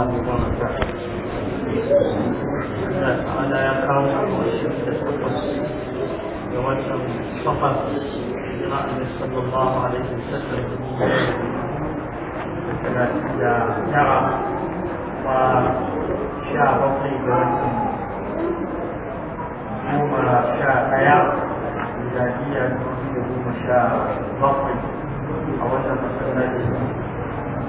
الله وبركاته على يقام الشمس القدس يوجه الصفر لرأي صلى الله عليه وسلم إذا ترى وشاء طيبا ثم شاء حياة إذا هي تريد مشاء بطل أولا مثلا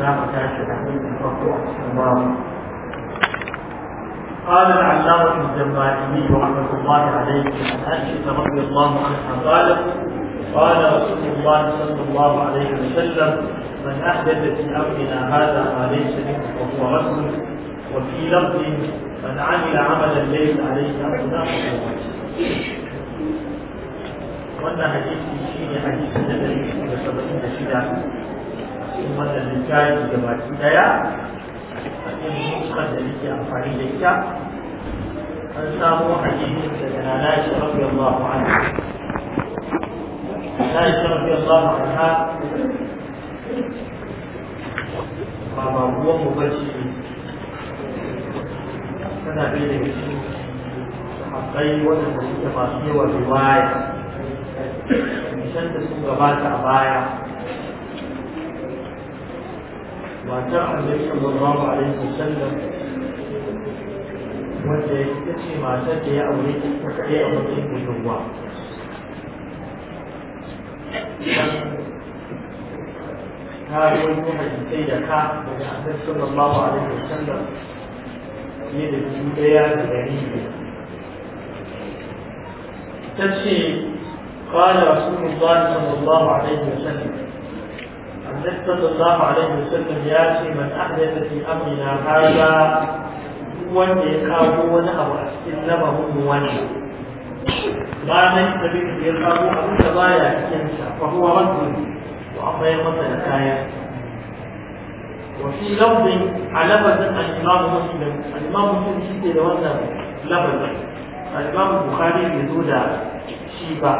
قال العلامة الجماعي رحمة الله عليه عن عائشة رضي الله عنها قالت قال رسول الله صلى الله عليه وسلم من أحدث في أمرنا هذا ما ليس منه فهو رسول وفي لفظ من عمل عملا ليس عليه أمرنا فهو رد وأن حديث في حديث hadisi na ɗari da saba'in cikin wannan littafi da baki daya a cikin nuskan da nake amfani da ita an samu hadisin daga nana shi rabbi Allah anha Na shi rabbi Allah anha ba ba ruwan mu bace tana bai da cikin sahabbai waɗanda suke masu yawan riwaya Nishan da sun gabata a baya matar annabi sallallahu alaihi wasallam wanda ita ce matar da ya aure ta kai a matsayin budurwa ta rubuta hadisai da ka daga annabi sallallahu alaihi wasallam fiye da biyu daya da dari ta ce قال رسول الله صلى الله عليه وسلم النبي صلى الله عليه وسلم ياتي من أحدث في أمرنا هذا wanda ya kawo wani abu a cikin lamarin wani ranar da ya kawo abin da baya cikin sa fa huwa rabbun wa amma ya masa da kayan wa fi a lafazin al-imam muslim da wannan da shi ba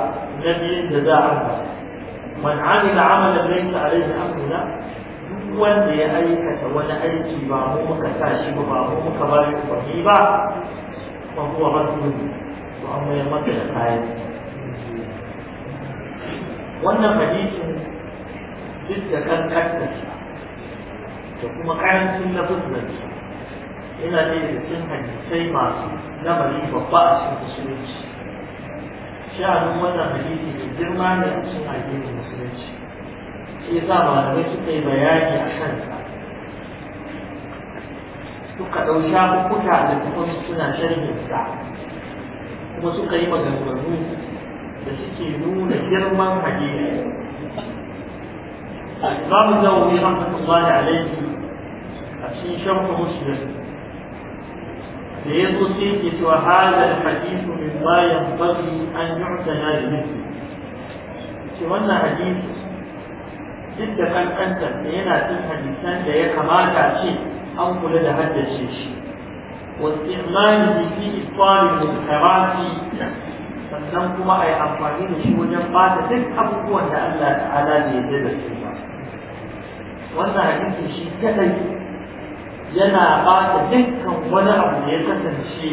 na biyun da za a man amila amalan laysa alayhi amruna duk wanda ya aikata wani aiki ba mu muka sa shi ba mu muka ba shi umarni ba fa huwa rasul to an mai masa da kayan wannan hadisin duk da kankanta da kuma karancin lafizar yana da cikin hadisai masu lamari babba a cikin musulunci sha'anin wannan hadisi mai girma ne a cikin addinin musulunci shi yasa da suka yi bayani a kansa suka ɗau shafukuta da kuma suna sharhin sa kuma suka yi maganganu da suke nuna girman hadisi الإمام النووي رحمة alayhi a cikin شرح مسلم da ya so sai ke cewa hadisu min bayan bari an yi utana da nufi ce wannan hadisi duk da kankanta da yana cin hadisan da ya kamata ce an kula da haddace shi واستعماله في إبطال المنكرات sannan kuma a yi amfani da shi wajen bata duk abubuwan da Allah ta'ala ne ya da su wannan hadisin shi kadai yana ba ta dukkan wani abu da ya kasance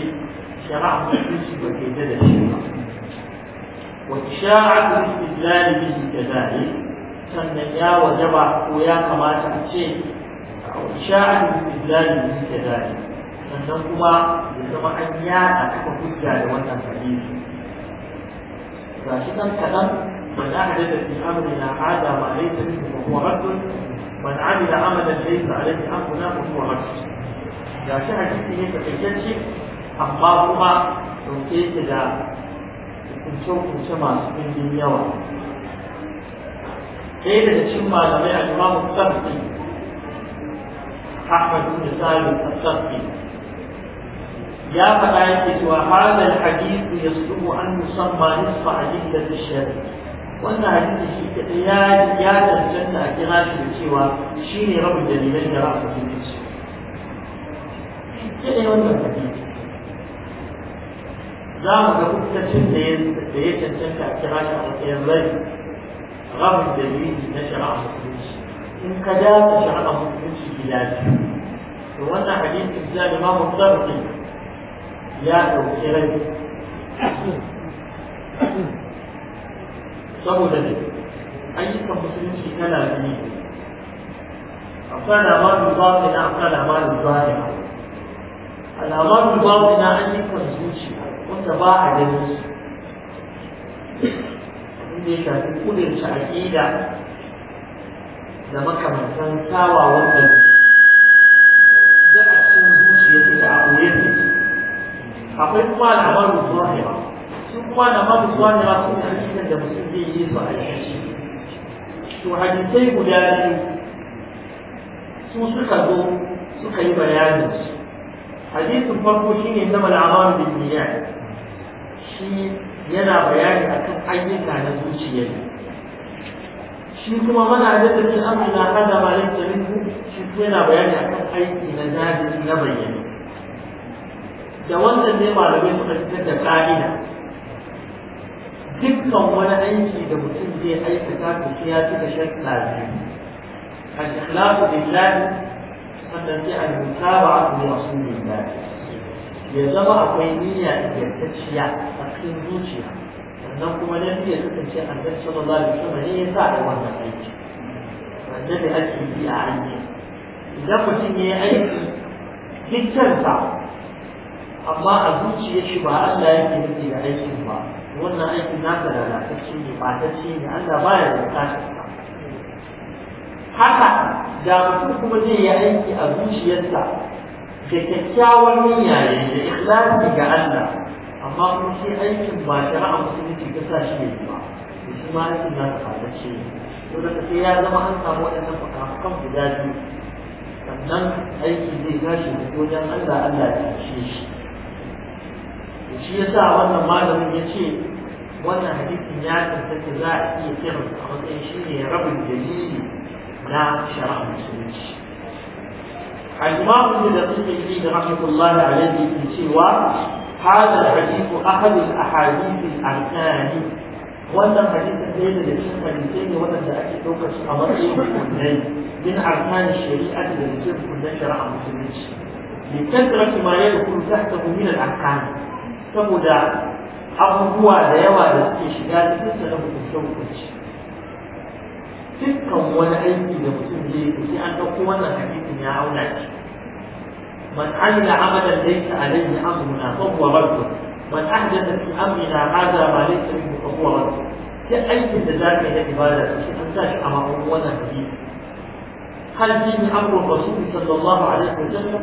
shari'a musulunci ba ke da shi ba وإشاعة الاستدلال به كذلك sannan ya wajaba ko ya kamata a ce sha'an istidlali ne da dai sannan kuma ya zama an yaɗa kafa hujja da wannan hadisi ga shi kaɗan, kadan wanda aka da fi amri na hada ma laysa min huwa raddun من عمل عملا ليس عليه حقنا فهو رد يا شهد جسمي فتجدش أخبارهما رمكيت لا تنشوف كما سبين دنيا كيف تشمع لبيع الإمام الثبتي أحمد بن سالم الثبتي يا فتاة هذا الحديث يصدق أن يسمى نصف عدة الشريك wannan hadisi shi kadai ya ya danganta a kira shi da cewa shi ne rabin dalilan da ra'a su ne shi kadai wannan hadisi za mu ga hukuncin da ya da ya cancanta a kira shi a matsayin rai rabin dalili na shari'a musulunci in ka dace shari'a musulunci gida biyu to wannan hadisin da imamu zarfi ya ɗauki rai saboda ne ayyukan musulunci tana biyu akwai labarin na akwai labarin zahira labarin na ayyukan zuciya wanda ba a gani inda ya shafi kudin ƙida da makamantan kyawawan da da a cikin ya take a ɓoye akwai kuma labarin zahira kwana ma mu kwana ma sun hadisan da mutum zai yi su a yanzu to hadisai guda biyu su suka zo suka yi bayanin su hadisin farko shine na mal'amal bin niyyah shi yana bayani akan ayyuka na zuciya shi kuma mana da tafi amina hada malin jami'u shi yana bayani akan aiki na zahiri na bayyana da wannan ne malamai suka fitar da ka'ida dukkan wani aiki da mutum zai aikata ko sai ya cika shakka biyu al-ikhlasu billahi sannan sai al-mutaba'atu li rasulillah ya zama akwai niyya ingantacciya a cikin zuciya sannan kuma nan ya kasance annabi sallallahu alaihi wasallam ne ya sa da wannan aiki annabi ake yi a aiki idan mutum ya yi aiki dukkan sa amma a zuciyar shi ba Allah yake nufi da aikin ba wannan aikin naka lalatacce ne batacce ne Allah baya da bukatar haka da mutum kuma zai yi aiki a zuciyarsa da kyakkyawar niyya ne da ikhlasi ga Allah amma kuma shi aikin ba shari'a musulunci ta sa shi ne ba to shi ma aikin naka batacce ne to da sai ya zama an samu waɗannan fuka guda biyu sannan aiki zai tashi da gojen Allah Allah ya tashe shi shi ya sa wannan malamin ya ce wannan hadisin ya tattake za a iya kiran a matsayin shi ne rabin dalili na shari'a musulunci al-imamu da suke yi da rahmatullah da alayhi ke cewa hada hadithu ahad al-ahadith al-arkan wannan hadisin ɗaya daga cikin hadisai ne waɗanda ake ɗaukar su a matsayin hukunai min arkan shari'a da cikin hukunan shari'a musulunci لكثرة ما يدخل تحته من الأحكام saboda abubuwa da yawa da suke shiga cikin sa na hukunce hukunci dukkan wani aiki da mutum zai yi kuma an ɗauko wannan hadisin ya auna shi man amila amalan laysa alayhi amruna fa huwa radd man ahdatha fi amrina hadha ma laysa minhu fa huwa radd sai aikin da za ka yi na ibada shi an sa shi a ma'aunin wannan hadisi هل فيه امر الرسول صلى الله عليه وسلم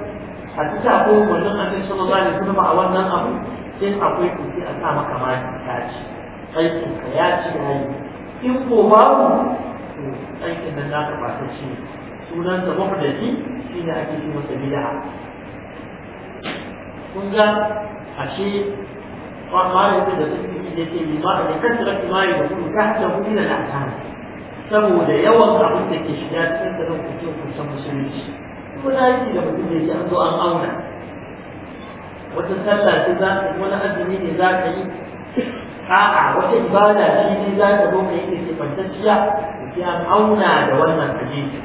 حتى تقول من النبي صلى الله عليه وسلم عوانا امر sai akwai kuki a sa maka ma ya ci aikin ka ya ci yi in ko babu to aikin nan za ka fata ci sunan da mafi da ji shi ne ake yi masa bida kun ga ashe kwamare ta da suke yi da ke yi ma da kan tsira ki yi da kuma ta ce kuɗi da lantana saboda yawan abin da ke shiga cikin da kuke kusan musulunci kuma na yi da mutum da ya an zo an auna wata sallah ce za ka yi wani azumi ne za ka yi a'a wata ibada ce ne za ka zo ka yi ke fantacciya sai an auna da wannan hadisi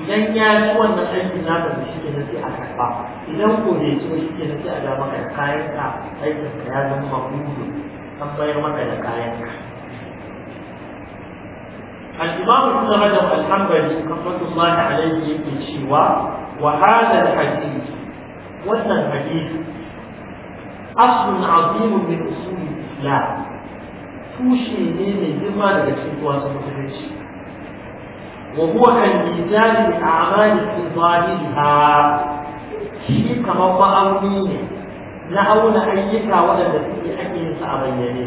idan ya ci wannan aiki naka da shi ke na sai a karba idan ko bai ci shi ke na sai a ga maka da kayan ka aikin ka ya zama makudu an bayar maka da kayan ka الإمام ابن رجب الحنبلي رحمة الله عليه يقول وهذا الحديث وأن الحديث aslun azimun min ya islam tushe ne mai girma daga cikin tuwasan musulunci wa huwa kan mizani a'mali fi zahiriha shi kamar ma'auni ne na auna ayyuka waɗanda suke ake yin su a bayyane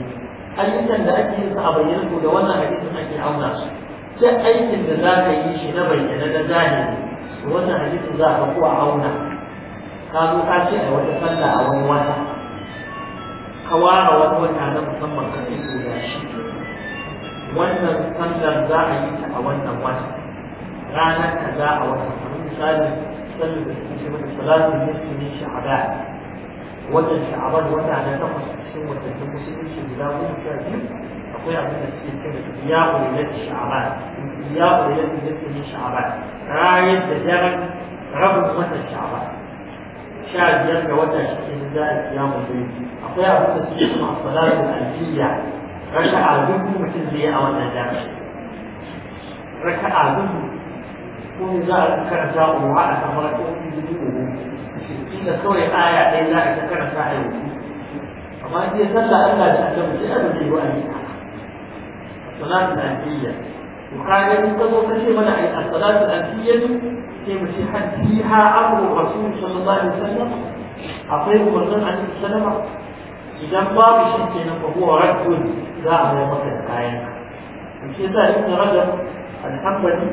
ayyukan da ake yin su a bayyane ko da wannan hadisin ake auna su duk aikin da za ka yi shi na bayyane na zahiri wannan hadisin za ka ko a auna Kazo zo ka ce a wata sallah a wani wata ka ware wani wata na musamman ka yi koya shi wannan sallar za a yi ta a wannan wata ranar ka za a wata kamar misali sallar da suke ce mata salatu musulmi sha'aba wannan sha'aban wata na takwas cikin watannin musulunci guda goma sha biyu akwai abin da suke ce mata ya ƙoyar sha'aba ya ƙoyar da suke sha'aba rayar da daren rabin watan sha'aba sha biyar ga wata shi ke za a kiya mu dai akwai abin da suke kuma salatul alfiya raka'a duk mutum zai yi a wannan Raka a duk ko za a karanta umma a kamar ko biyu da kawai aya ɗaya za a karanta a yau amma in dai sallah Allah ta ta mutum ya zai yi wa alfiya salatul alfiya to kayan ka zo kashe mana a salatul alfiya sai mu ce hal fiha amru rasul sallallahu alaihi wasallam akwai umarnin annabi sallama idan babu shi kenan fa huwa raddun za a mai maka da kayan ka shi yasa ibn rajab al-hanbali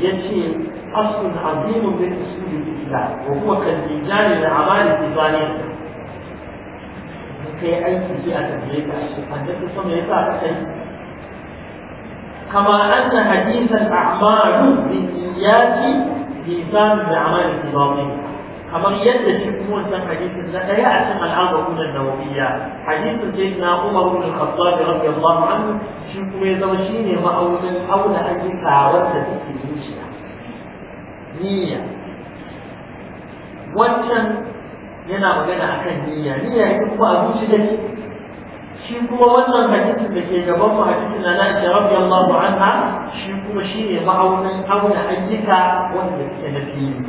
yace aslun azimun min usulil islam wa huwa kal mizan al a كما أن حديث الأعمال بالنيات بيثار بعمل الباطني kamar yadda shi kuma san hadisin na daya a cikin al'amuran kuma nawawiya hadisin ce na Umar ibn Khattab radiyallahu anhu shi kuma ya zama shine ma'aunin auna ayyuka wanda take zuciya niyya wannan yana magana akan niyya niyya ita kuma a zuciya shi kuma wannan hadisin da ke gaban mu hadisin na Aisha radiyallahu anha shi kuma shine ma'aunin auna ayyuka wanda suke na fili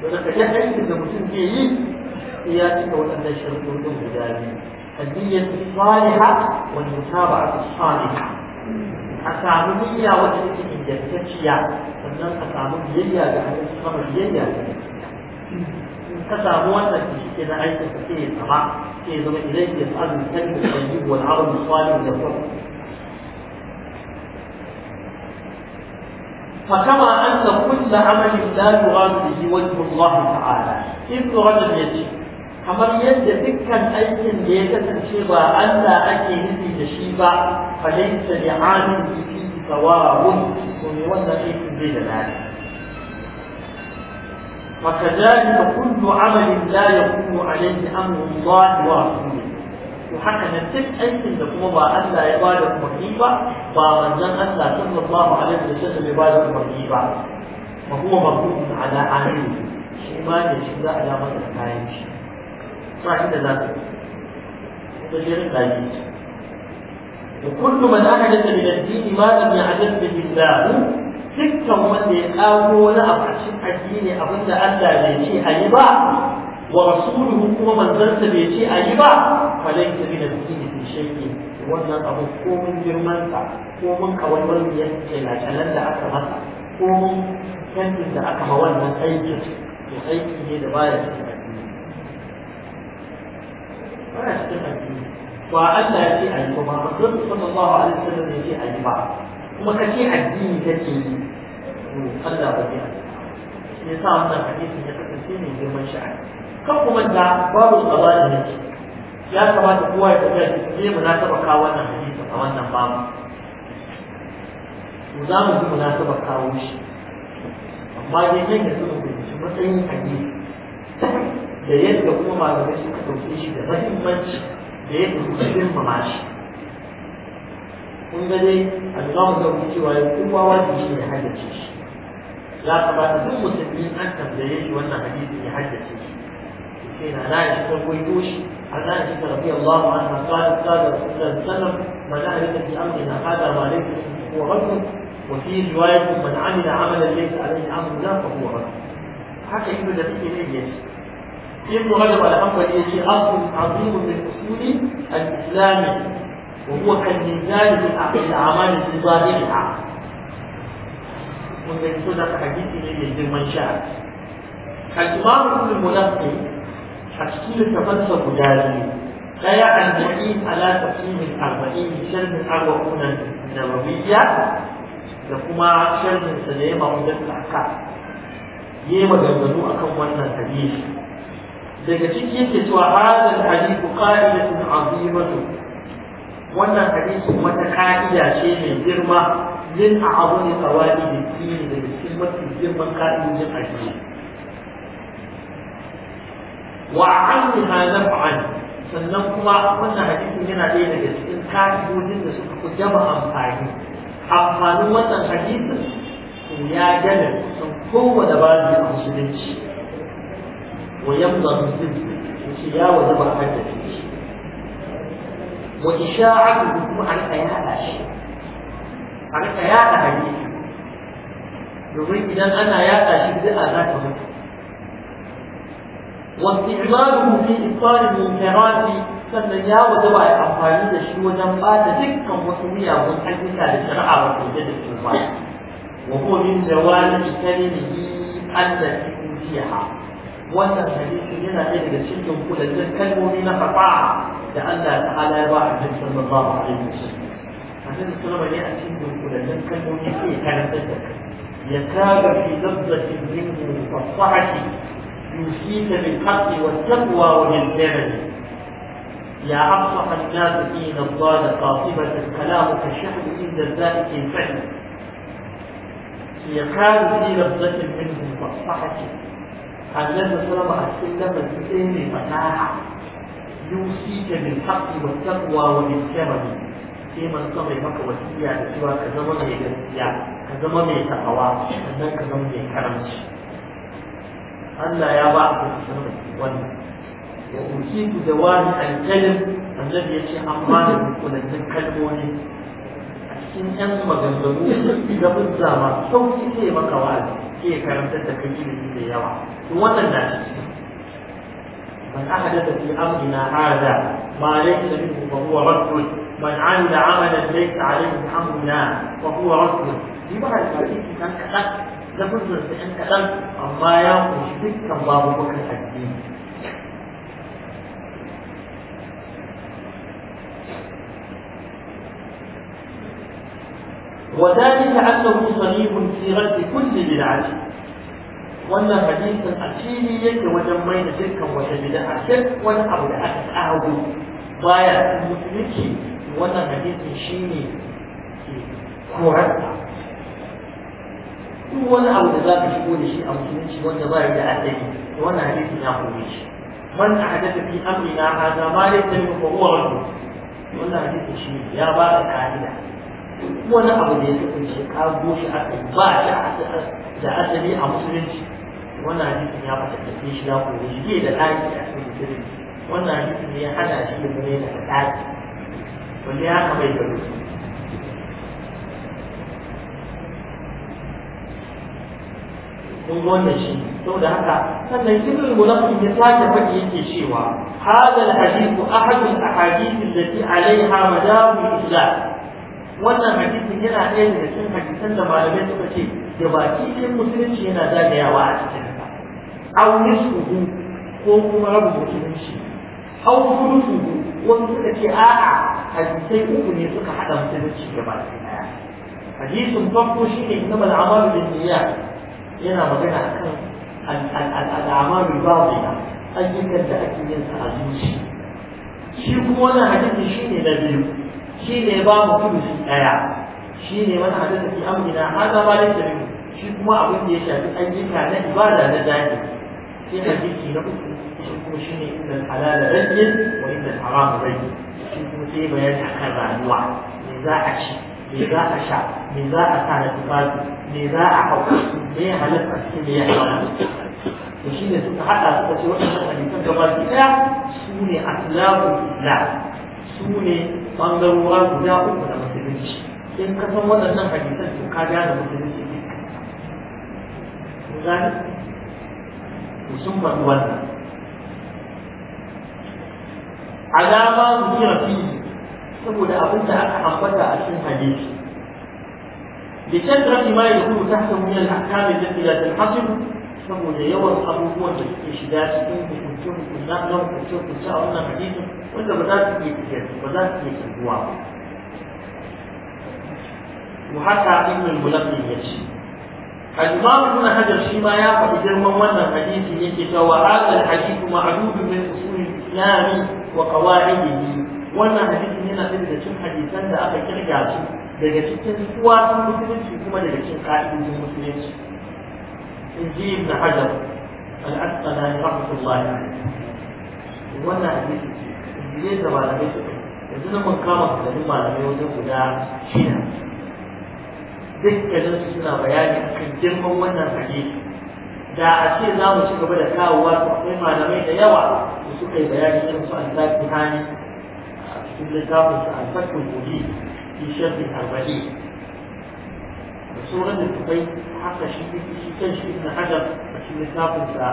to da kaje aikin da mutum ke yi ya cika waɗannan sharuɗoɗin guda biyu النية الصالحة والمتابعة الصالحة أسامي نية وتلك نية تكشيا sannan a samu biyayya da hannun sama biyayya da ka samu wannan da shi ke na aikin ka ke ya sama? sai zama ilai ya tsarin kalmar tayyib wal arab فكما أن كل عمل لا يراد به وجه الله تعالى ابن رجب يجيب kamar yadda dukkan aikin da ya kasance ba Allah ake nufi da shi ba falaysa li'amin fi sawa'un to me wannan aikin da lafiya وكذلك كل عمل لا يكون عليه أمر الله ورسوله وحكى نفس أيضا لكم الله ألا يبالغ مرتيبا ومنزل ألا صلى الله عليه وسلم يبالغ مرتيبا وهو مردود على عامله شيمان يشهد على مدى كاينش صاحب ذاته وتجير كاينش وكل من أحدث من الدين ما لم يعجب به الله dukkan wanda ya kawo wani abu a cikin addini abinda Allah bai ce a yi ba wa rasuluhu kuma manzansa bai ce a yi ba falai ta bi da dini da shayyi wannan abu ko mun girman sa ko mun kawalwar biyar ce na calan da aka masa ko mun yankin da aka ma wannan aikin to aiki ne da baya cikin addini baya cikin addini ba Allah ya ce a yi ba ba manzansa sallallahu alaihi wasallam ya ce a yi ba kuma ka addini kake yi Allah ba ya shi yasa wannan hadisi ya kasance mai girman sha'ani kan kuma da babu tsaba da ya kamata kowa ya tafiya shi ne mu na taba kawo wannan hadisi a wannan babu to za mu ji mu na taba kawo shi amma dai da suka mu shi matsayin hadisi da yadda kuma malamai suka ɗauke shi da mahimmanci da yadda suka girmama shi kun ga dai al-Imam Nawawi cewa kowa shi ne haddace shi ya kamata duk musulmi an tambaye shi wannan hadisi ya haddace shi sai na na shi farko ya toshi an na shi tarbi Allah wa anna qala qala sallallahu alaihi wasallam man ahlaka bi amrina hada ma laysa huwa rabb wa fi riwayat man amila amalan laysa alayhi amruna fa huwa rabb haka ibnu da take ne yace ibnu Rajab al-Hanbali yace aslun azim min usuli al-islam وهو كالميزان في الأعمال في ظاهرها ومن سنة حديثه للجرمان شعر الإمام ابن الملقي حكيم تفسر جاري قيا المعين على تقييم الأربعين بشرح الأربعون النووية لكما شرح سليمة وجدت الأحكام yi maganganu akan wannan hadisi daga ciki yake cewa hadal hadithu qa'idatun azimatun wannan hadisin wata ka'ida ce mai girma min a abu ne tsawali da tsini da cikin mafi girman ka'idojin addini wa anni hadha fa'an sannan kuma wannan hadisin yana ɗaya daga cikin ka'idojin da suka fi jama amfani amfanin wannan hadisin ya gane sun kowane babu a musulunci wa yamma musulunci ya wajen ba a haddace shi وإشاعته هو عن بيان شيء عن بيان حديث domin idan ana yaɗa shi bid'a za واستعماله في إبطال المنكرات sannan ya waje ba ya amfani da shi wajen bada dukkan wasu miyagun ayyuka da shari'a ba ta da su ba wa ko min jawali kalmihi allati ujiha wannan hadisi yana ɗaya daga cikin kullun kalmomi na fasaha لأن تعالى واحد صلى الله عليه وسلم فالنبي الطلبة الله عليه وسلم يأتي من كل المسلم كانت تذكر يكاد في لفظة منه والصحة يوصيك بالحق والتقوى وبالجبل يا أفصح الناس حين الضال قاطبة الكلام كالشحن عند ذلك الفعل يكاد في لفظة منه والصحة النبي صلى الله عليه وسلم الفتن فتاحة يوصيك بالحق والتقوى وبالكرم sai man sama ya maka wasiya da cewa ka zama mai gaskiya ka zama mai takawa sannan ka zama mai karamci Allah ya ba ku sanin wannan ya uki da wani alƙalin annabi ya ce an ba da kullantun kalmomi a cikin ƴan maganganu da mutsa ma sauki sai maka wa'azi sai ya da kai ilimi da yawa to wannan na cikin من أحدث في أمرنا هذا ما ليس منه فهو رد من عمل عملا ليس عليه أمرنا فهو رد لماذا الحديث كان كذا لابد أن كذا أما يقول شبك باب بكر الدين وذلك أنه صليب في رد كل بدعة wannan hadisin a fili yake wajen mai da dukkan wata bid'a duk wani abu da aka kawo baya musulunci wannan hadisin shine korarsa duk wani abu da za ka shigo da shi a musulunci wanda ba ya da asali to wannan hadisin ya kome shi man ahdatha fi Amina hadha ma laysa min fa huwa radd wannan hadisin shi ya ba da ka'ida wani abu da ya kunshi ka goshi a ba shi da asali a musulunci wannan hadisin ya da shi ya koyi shi da ɗaki a cikin sirri wannan hadisin ya hana shi ya zama da ɗaki wanda ya haka bai gado kun ga wannan shi saboda haka sannan sirrin mulafin ya sake faɗi yake cewa هذا الحديث أحد الأحاديث التي عليها مدار الإسلام wannan hadisin yana ɗaya daga cikin hadisan da malamai suka ce da baki ɗin musulunci yana zagayawa a cikin aw nisfuhu ko kuma rabu musulunci aw thuluthuhu wasu suka ce a'a hadisai uku ne suka hada musulunci gaba ɗaya hadisin farko shine innamal da binniyat yana magana akan al'amalu batina ayyukan da ake yin sa a zuci shi kuma wannan hadisi ne na biyu shi shine ba mu kudu ɗaya shi ne wani hadasa fi amina hada ma laysa shi kuma abin da ya shafi ayyuka na ibada na zahiri في حديث نقول شوفوا شنو ان الحلال بين وان الحرام بين شوفوا في بيان عن الوعد نزاع شيء نزاع شعب نزاع سنة تفاتي نزاع حب ليه هلت أسكيل يا حوالا وشين سنة حتى تتسوى أن تتبع الكتاب سوني أسلاف الإسلام سوني ɓangarora guda uku na musulunci in ka san waɗannan hadisan to ka gane musulunci ne. to sun wannan alama zikira fi saboda abin aka ambata a cikin hadisi لكثرة ما يكون تحته من الأحكام التي لا تنحصر saboda yawan abubuwan da suke shiga cikin hukuncin hukunci na hukuncin hukunci a wannan hadisi wanda ba za su iya tafiyar ba Mu haka Ibn Mulaqin ya ce, أجمال ابن حجر شما يعقب جرمان وانا حديث يكتا وهذا الحديث معدود من أصول الإسلام وقواعده وانا حديث هنا في ذلك الحديث أنت أخي كرجاته لذلك تكتن سواس في كما لذلك قائد من المسلم ابن حجر الأسقى لا يرحمة الله عليه وانا حديث ليه زمان ليه زمان ليه زمان ليه زمان ليه dukkanin su suna bayani kan girman wannan hadisi da a ce za mu ci gaba da kawowa to akwai malamai da yawa da suka yi bayani irin su an zafi hani a cikin littafin su an fakin gobe fi shafi arba'in da sauran littafai haka shi shi kan shi na hajar a cikin littafin sa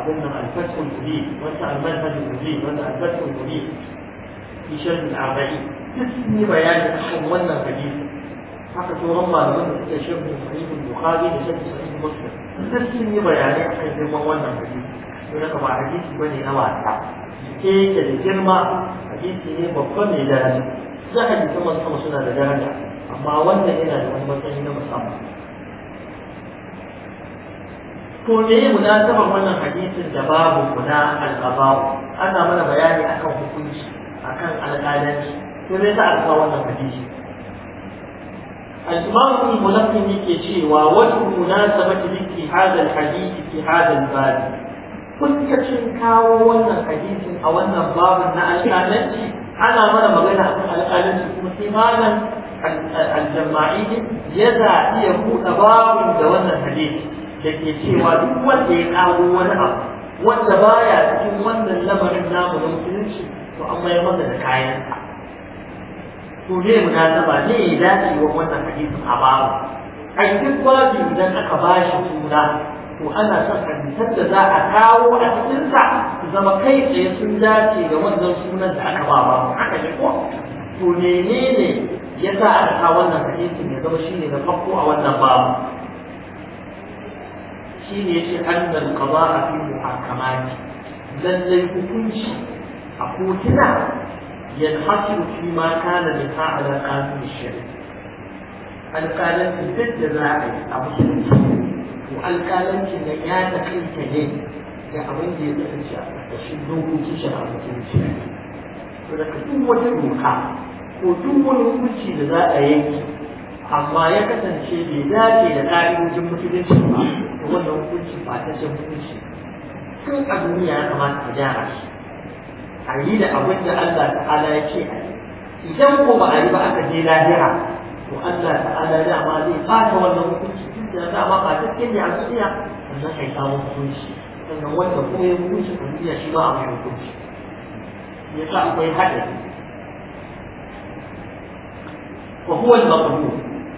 abin nan alfatkun gobe wata almanhajin gobe wanda alfatkun gobe fi shafi arba'in duk sun yi bayani kan wannan hadisi haka sauran malamin da suka shirka sahihul bukhari da shirka sahihul muslim duk sun yi bayanai akan girman wannan hadisi don haka ba hadisi bane na wasa ke yake da girma hadisi ne babba mai daraja za ka ji kuma sama suna da daraja amma wannan yana da wani matsayi na musamman to mu ya munasabar wannan hadisin da babu kuna al'abawu ana mana bayani akan hukunci akan alƙalanci to me yasa alfa wannan hadisi الإمام الملقن يكيشي ووجه مناسبة da هذا الحديث في هذا الباب fuskacin kawo wannan hadisin a wannan babin na alƙalanci ana mana magana a kan alƙalanci kuma sai malam aljama'i ya zaɓi ya buɗe babin da wannan hadisi da ke cewa duk wanda ya ƙaro wani abu wanda baya cikin wannan lamarin namu na musulunci to an mayar da kayansa to me munasaba ne ya dace wa wannan hadisin a babu ai duk babu idan aka ba shi suna to ana son hadisan da za a kawo a cikin sa zama kai tsaye sun dace ga wannan sunan da aka ba babu haka ne ko to menene yasa aka kawo wannan hadisin ya zama shine na farko a wannan babu shine yace annal qada'a fi muhakamati lallai hukunci a kotuna ينحصر فيما كان لها على قانون الشريعة alƙalancin duk da za a yi a musulunci to alƙalancin da ya ta kai ta ne ya abin da ya kasance a ƙarƙashin dokokin shi a musulunci to da duk wata doka ko duk wani hukunci da za a yanke amma ya kasance bai dace da ƙa'idojin musulunci ba to wannan hukunci ba ta hukunci tun a duniya ya kamata a gyara shi a yi da abin da Allah ta'ala ya ce idan ko ba a yi ba aka je lahira to Allah ta'ala ya ma zai fata wannan hukunci tun da dama ba ta kene a duniya sannan kai samu hukunci sannan wanda kuma ya hukunci a duniya shi ba a mai hukunci ya sa akwai haɗari wa huwa al-maqdur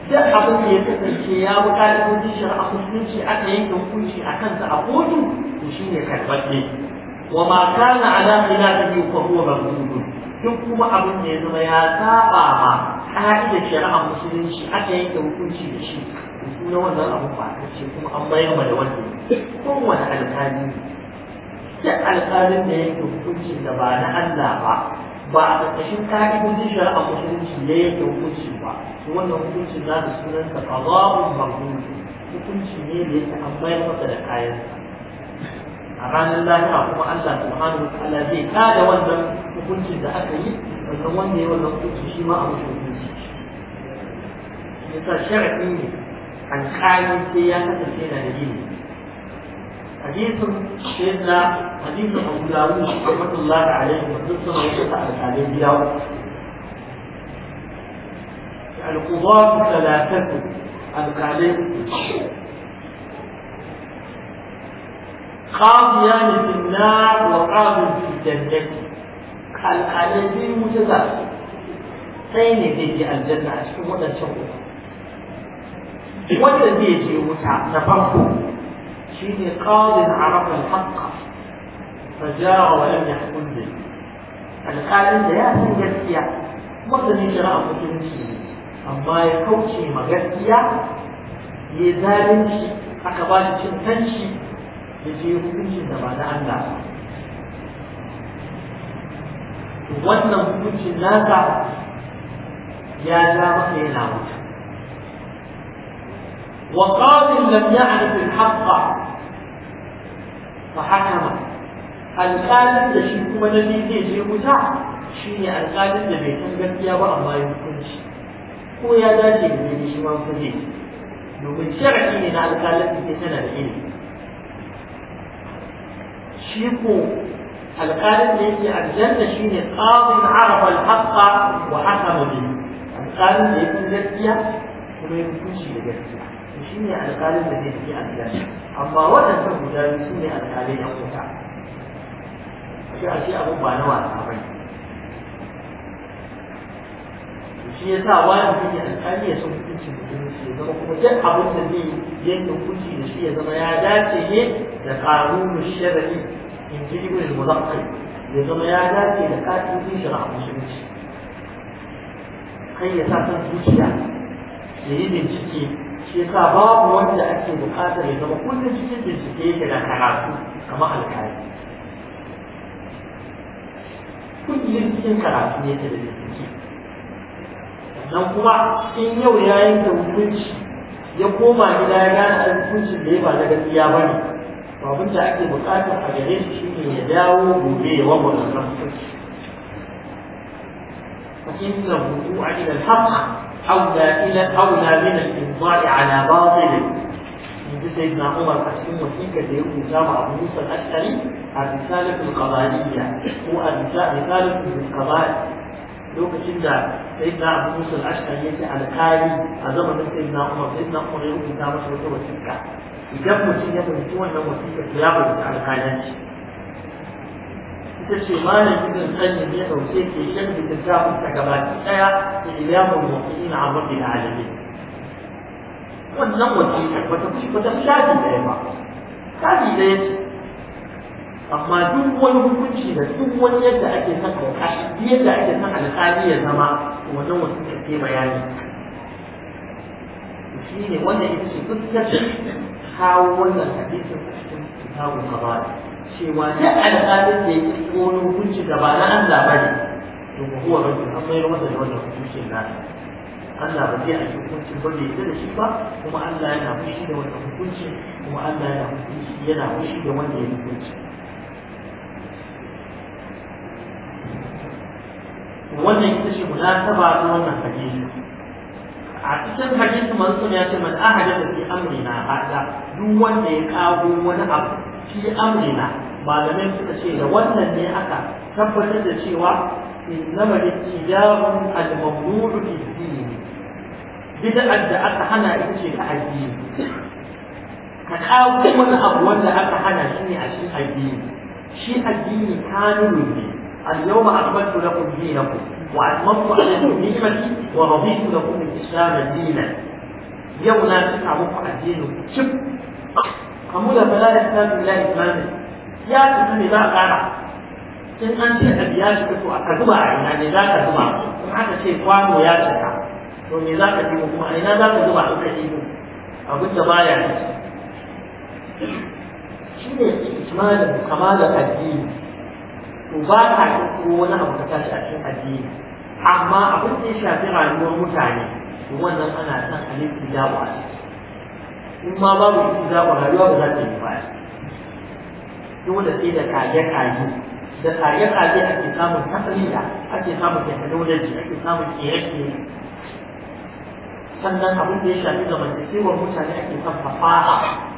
duk abin da ya kasance ya hukunci shi a musulunci aka yanke hukunci a kansa a kotu to shine karɓaɓɓe wa ma kana ala khilafihi fa huwa mardud duk kuma abin da ya zama ya saba ma ka'idar shari'a musulunci aka yanke hukunci da shi na wannan abu ba ta ce kuma an bayar ma da wanda kowane alƙali duk alƙalin da yake hukunci da ba na Allah ba ba a ƙarƙashin ka'idodin shari'a musulunci ya yake hukunci ba to wannan hukuncin na da sunansa qada'un mardud hukunci ne da yake an bayar masa da kayansa a ranar lahira kuma Allah subhanahu wa ta'ala zai kada wannan hukuncin da aka yi wannan wanda ya wannan hukunci shi ma a mutum hukunci yasa sharaɗi ne an kayi sai ya kasance na da gini hadisin sayyidina hadisin abu dawud rahmatullahi alaihi wa sallam ya kasa alƙalai gida القضاة ثلاثة القالب خاضيان في النار وقاض في الجنة قال دي مجزاة سين يجي الجنة اشكو ولا شو وين دي دي وتع تفرقوا شيني قاض عرف الحق فجاء ولم يحكم به قال انت يا سن جسيا وين يجي مسلمين amma اما kauce ma gaskiya ya zalunci aka ba ya je hukuncin da ba na Allah wannan hukuncin nasa ya ja masa yana wuta وقاض لم يعرف الحق فحكم القالب da shi kuma na zai je wuta shi ne alƙalin da bai san gaskiya ba amma ya hukunci ko ya dace da shi ma kuma domin sharaɗi ne na alƙalin da tana da ilimi شيكو القارئ الذي أجلنا شين قاض عرف الحق وحكم به القارئ الذي جدية وما يكون شيء جدية شين القارئ الذي في أجلنا أما وزن في مجالس شين القارئ أو تعالى شيء شيء أبو بانوان أبي shi yasa wani mutum ya alƙali ya san hukuncin mutum shi ya zama kuma duk abin da zai yanke hukunci da shi ya zama ya dace ne da ƙaru mu shirin in ji ibn al ya zama ya dace da ka'idin shari'a musulunci kai ya sa kan zuciya ya yi bincike shi yasa babu wanda ake bukatar ya zama kullum cikin bincike yake da karatu kamar alkali kullum cikin karatu yake da bincike sannan kuma in yau ya yanke hukunci ya koma gida ya gane hukuncin da ya ba na gaskiya ba ne abin da ake bukata a gare shi shine ya dawo gobe ya wabo da nan فإنه رجوع إلى الحق أولى إلى أولى من الإنصار على باطل من سيدنا عمر أسلم وسيكا سيكون سامع أبو موسى الأشعري الرسالة القضائية هو رسالة القضاء لو كنت سيدنا أبو موسى الأشعري على كاري أزمة سيدنا عمر سيدنا عمر يوم كتابة سيكا idan mutum ya fahimci wannan wasiƙa ya fahimci alƙalanci ita ce malam ibn qayyim ya dauke ke shan da littafin ta gabaki daya da ilamul muqinin a rabbil alamin wannan wasiƙa wata fi wata shafi ɗaya ba shafi ɗaya ce amma duk wani hukunci da duk wani yadda ake son yadda ake son alƙali ya zama wannan wasiƙa ke bayani shi ne wannan ita ce duk kawo wannan hadisin a cikin kitabun kabari cewa duk alƙalin da ya kirkiro wani hukunci da ba na Allah ba to ba huwa ba an mayar masa da wannan hukuncin nasa Allah ba zai aiki hukuncin ba bai da shi ba kuma Allah yana fushi da wannan hukuncin kuma Allah yana fushi yana fushi da wanda ya hukunci wannan ita ce munasaba na wannan hadisi a cikin hadisi manzo ya ce man ahada da fi amrina hada duk wanda ya kawo wani abu fi amrina malamai suka ce da wannan ne aka tabbatar da cewa innama al-ijabu al-mamnu'u fi din bid'ar da aka hana ita ce ta addini ka kawo wani abu wanda aka hana shi ne a cikin addini shi addini kanuni ne al-yawma akmaltu lakum dinakum واتمطر لكلمتي ورضيت لكم الاسلام دينا يونا تعرف الدين شوف قمولا فلا يحتاج الى اسلام يا تسمي لا قارع تن انت ابيات تكو اكدوا عينا نزا كدوا سبحانه شيء قوانو يا تكا ونزا كدوا كما اينا ذا كدوا تكدوا أقول تبايا شنو اكمال كمال الدين to ba ka ko wani abu ta tashi a cikin addini amma abin da ya shafi rayuwar mutane to wannan ana san a nufi dawo in ma babu nufi dawo rayuwa ba za ta yi ba wanda sai da kage-kage da kage-kage ake samun tasirida ake samun technology ake samun kere-kere sannan abin da ya shafi zamantakewar mutane ake son fasaha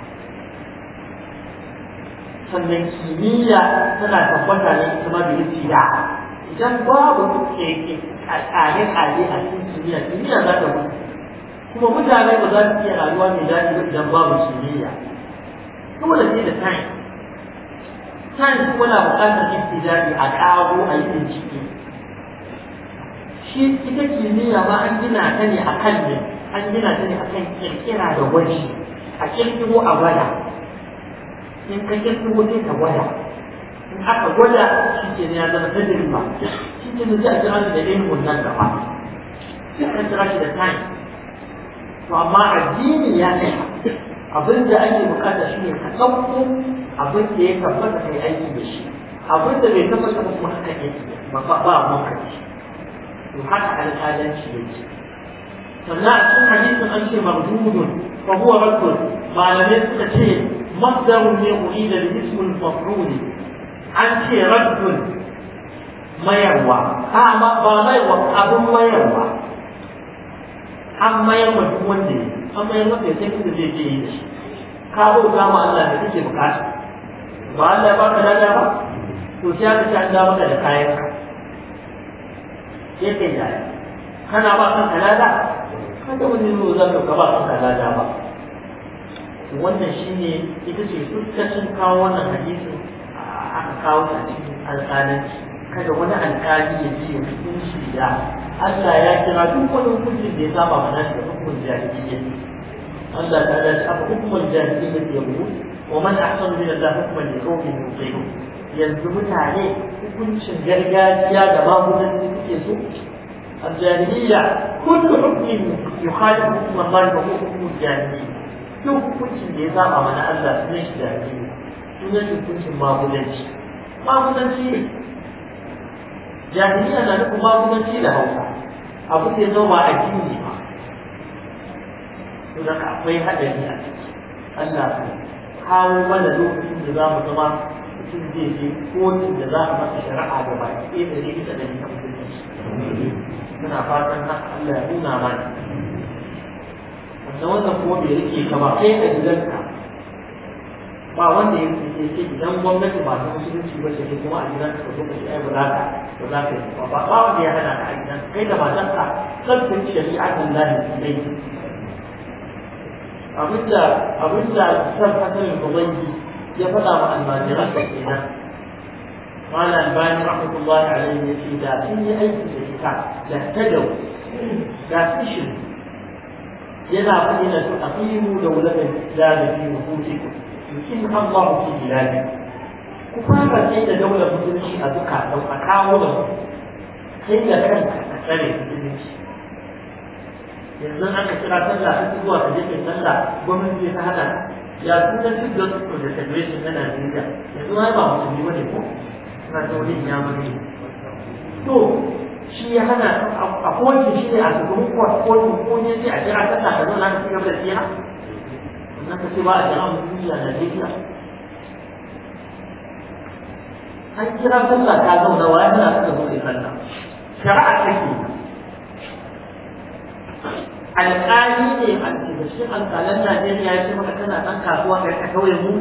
sannan kimiyya tana tabbata ne ita ma da yadda idan babu ke kare kare a cikin kimiyya kimiyya za ta mutu kuma mutane ba za su iya rayuwa mai daɗi ba idan babu kimiyya dole sai da science science kuma na buƙatar ibtidai a ƙago a yi bincike shi ita kimiyya ma an gina ta ne a kan ne an gina ta ne a kan kirkira da gwaji a kirkiro a gwada in ka kirkin waje ka gwada in aka gwada shi ke ne ya zama tajirba shi ke ne za a jira da ilimin nan gaba sai an jira shi da time to amma addini ya tsaya abin da ake bukata shi ne ka ɗauko abin da ya tabbata kai aiki da shi abin da bai tabbata ba kuma haka ne ba ba ba ka ci to haka al'adanci yake sannan a cikin hadisin an ce mardudun fa huwa raddun malamai suka ce مصدر من أريد الاسم المفعول عن شيء رد ما يروى ها ما ما يروى أبو an mayar wa duk ne an mayar wanda ya san zai je yi da shi ka bauta ma Allah da kake ba Allah ya baka ba to sai aka ci an da maka da kayan ka yake da kana ba kanka lada kada wani zo za ka ba kanka lada ba wannan shi ne ita ce fuskacin kawo wannan hadisin aka kawo a cikin alƙalanci kada wani alƙali ya ji ya hukunci da Allah ya kira duk wani hukuncin da ya saba mana da hukuncin jahiliya Allah ta dace aka hukumar jahiliya da yahu wa man ahsanu min Allah ya kawo qaumin yuqinun yanzu mutane hukuncin gargajiya da magunan suke so الجاهلية كل حكم يخالف حكم الله وهو حكم الجاهلية duk hukuncin da ya saba mana Allah sunan shi da jahiliya sunan shi hukuncin magudanci magudanci ne jahiliya na nufin magudanci da hausa abu da ya zama a addini ba to daga akwai haɗari a ciki Allah ka kawo mana lokacin da za mu zama mutum zai je kotun da za a masa shari'a da baki ɗaya da ne da ɗari na mutunci muna fatan haka Allah ya nuna mana da wannan kuma bai rike ka ba kai a ka. ba wanda ya rike sai idan gwamnati ba ta musulunci ba ce kuma a gidanka ka zo ka shiga ba za ka ba za ka yi ba ba wanda ya hana ka a gidan, kai da matanka tsarkin shari'atan lahi dai abinda abinda san hasalin ubangi ya faɗa wa almajiran da kenan قال الباني رحمه الله عليه في ذاته أي ذكاء لا تدعو لا تشرك yana faɗi da su aqimu dawlatan islam fi nufusikum yukin Allah fi biladi ku fara sai da daular musulunci a zukatan a kawo da sai da kanka a tsare musulunci yanzu an aka kira sallah ta zuwa ta jefe sallah gwamnati ta hada ya sunan duk da su da celebration na Najeriya yanzu ma ba musulmi wani ko suna taurin wani ya mani to shi ya hana a kowace shi ne a gaban kotun kone sai a jira sallah ka zauna ka ci gaba da tsira na ka ce ba a jira mutum a Najeriya an kira sallah ka zauna wa ya hana ka ka zauna sallah shari'a take ne a cikin alƙalan Najeriya ya ce maka tana ɗan kasuwa kai ka kauye mu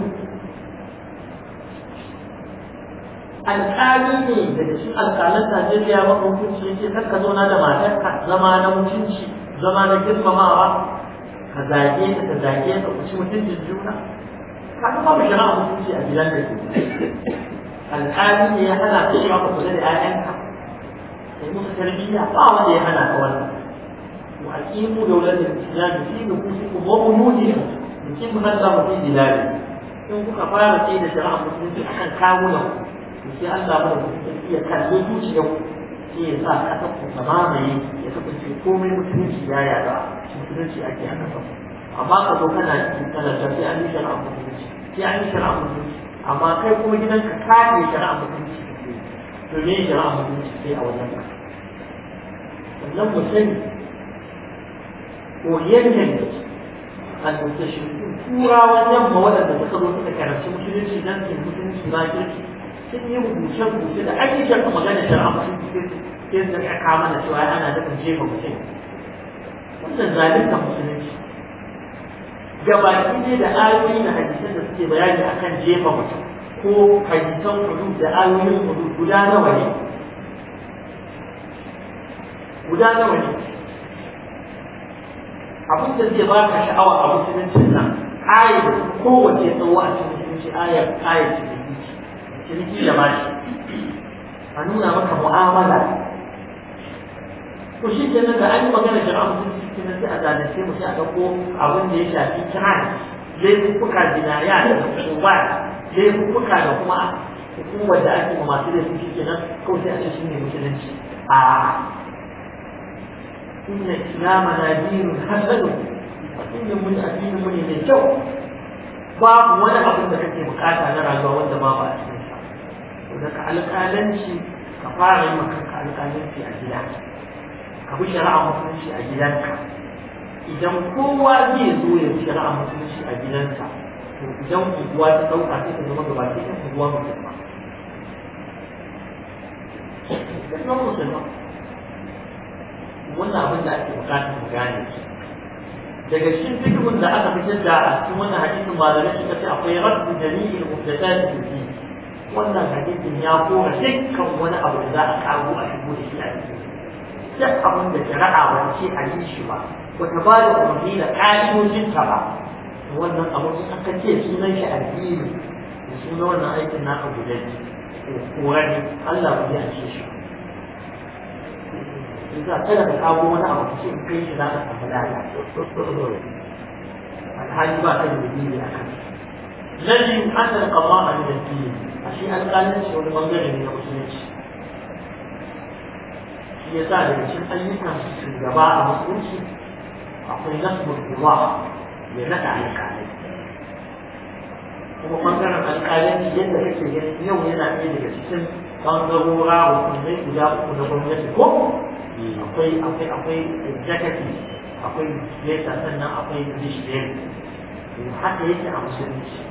alƙali ne daga cikin alƙalan Najeriya ba hukunci yake kar ka zauna da matarka zama na mutunci zama na girmamawa ka zage ka ka zage ka ku ci mutuncin juna ka ga babu shari'a mutunci a gidan da alƙali ne ya hana ka cewa ka kula da 'ya'yanka kai musu tarbiyya ba wanda ya hana ka wannan وأقيموا دولة الإسلام في نفوسكم وبيوتكم يتم هذا fi بلادكم in kuka fara ce da shara'a musulunci akan kan kawo sai Allah ba ya kalle zuciyar sai ya sa ka tafi ta mamaye ya kasance komai mutunci ya yada mutunci ake a kasa amma ka zo kana cikin talata sai an yi shari'a mutunci sai an yi shari'a mutunci amma kai kuma gidan ka ne shari'a mutunci to ne shari'a mutunci sai a wajen ka sannan mu sani koyar yanzu al-mustashrikin turawan yamma waɗanda suka zo suka karanci mutunci dan su mutunci ba kirki sun yi rubuce rubuce da an yi jarka magana ta amma sun yi sai da ka mana cewa ana da jefa mutum wannan zalunta musulunci gabaki ne da ayoyi da hadisan da suke bayani akan jefa mutum ko hadisan kudu da ayoyin kudu guda nawa ne guda nawa ne abin da zai baka sha'awa a musuluncin nan ayar kowace tsawo a cikin musulunci ayar ciniki da bashi a nuna maka mu'amala to shi kenan da an yi magana da abu sun cikin sai a zalunce mu sai a ɗauko abin da ya shafi kiran laifuka, jinaya da kusurwa laifuka da kuma hukumar da ake ma masu laifin shi kenan kawai sai a ce shi ne musulunci a inna islama na dinin hasanu addinin mu addinin mu ne mai kyau babu wani abin da kake bukata na rayuwa wanda babu a cikin daga alƙalanci ka fara yi maka alƙalanci a gida ka bi shari'a musulunci a gidanka idan kowa zai zo ya shari'a musulunci a gidansa to idan unguwa ta ɗauka sai ta zama gaba ɗaya unguwa musulma zama musulma wannan abin da ake bukatar mu gane daga cikin fikirin da aka fitar da a cikin wannan hadisin malamai suka ce akwai rabbu jami'il mubtadat fi wannan hadisin ya kora dukkan wani abu da za a kawo a shigo da shi a duk abin da jara'a ba ce a yi shi ba wata ba da umarni da ƙa'idojinta ba wannan abin da aka ce sunan shi addini da sunan wannan aikin naka guda ne kora ne Allah ku yi a ce shi إذا طلب الأبو أنا أو شيء كيش لا أستطيع الحاج ما كان يديني أكثر لن يؤثر قضاء من الدين ashe alƙalanci wani bangare ne na musulunci shi ya sa daga cikin ayyukan gaba a musulunci akwai nasu ruwa ya naɗa alƙalai kuma bangaren alƙalanci yadda kake yau yana ɗaya daga cikin bangarora hukumai guda uku na gwamnati ko akwai akwai akwai executive akwai sannan akwai judiciary haka yake a musulunci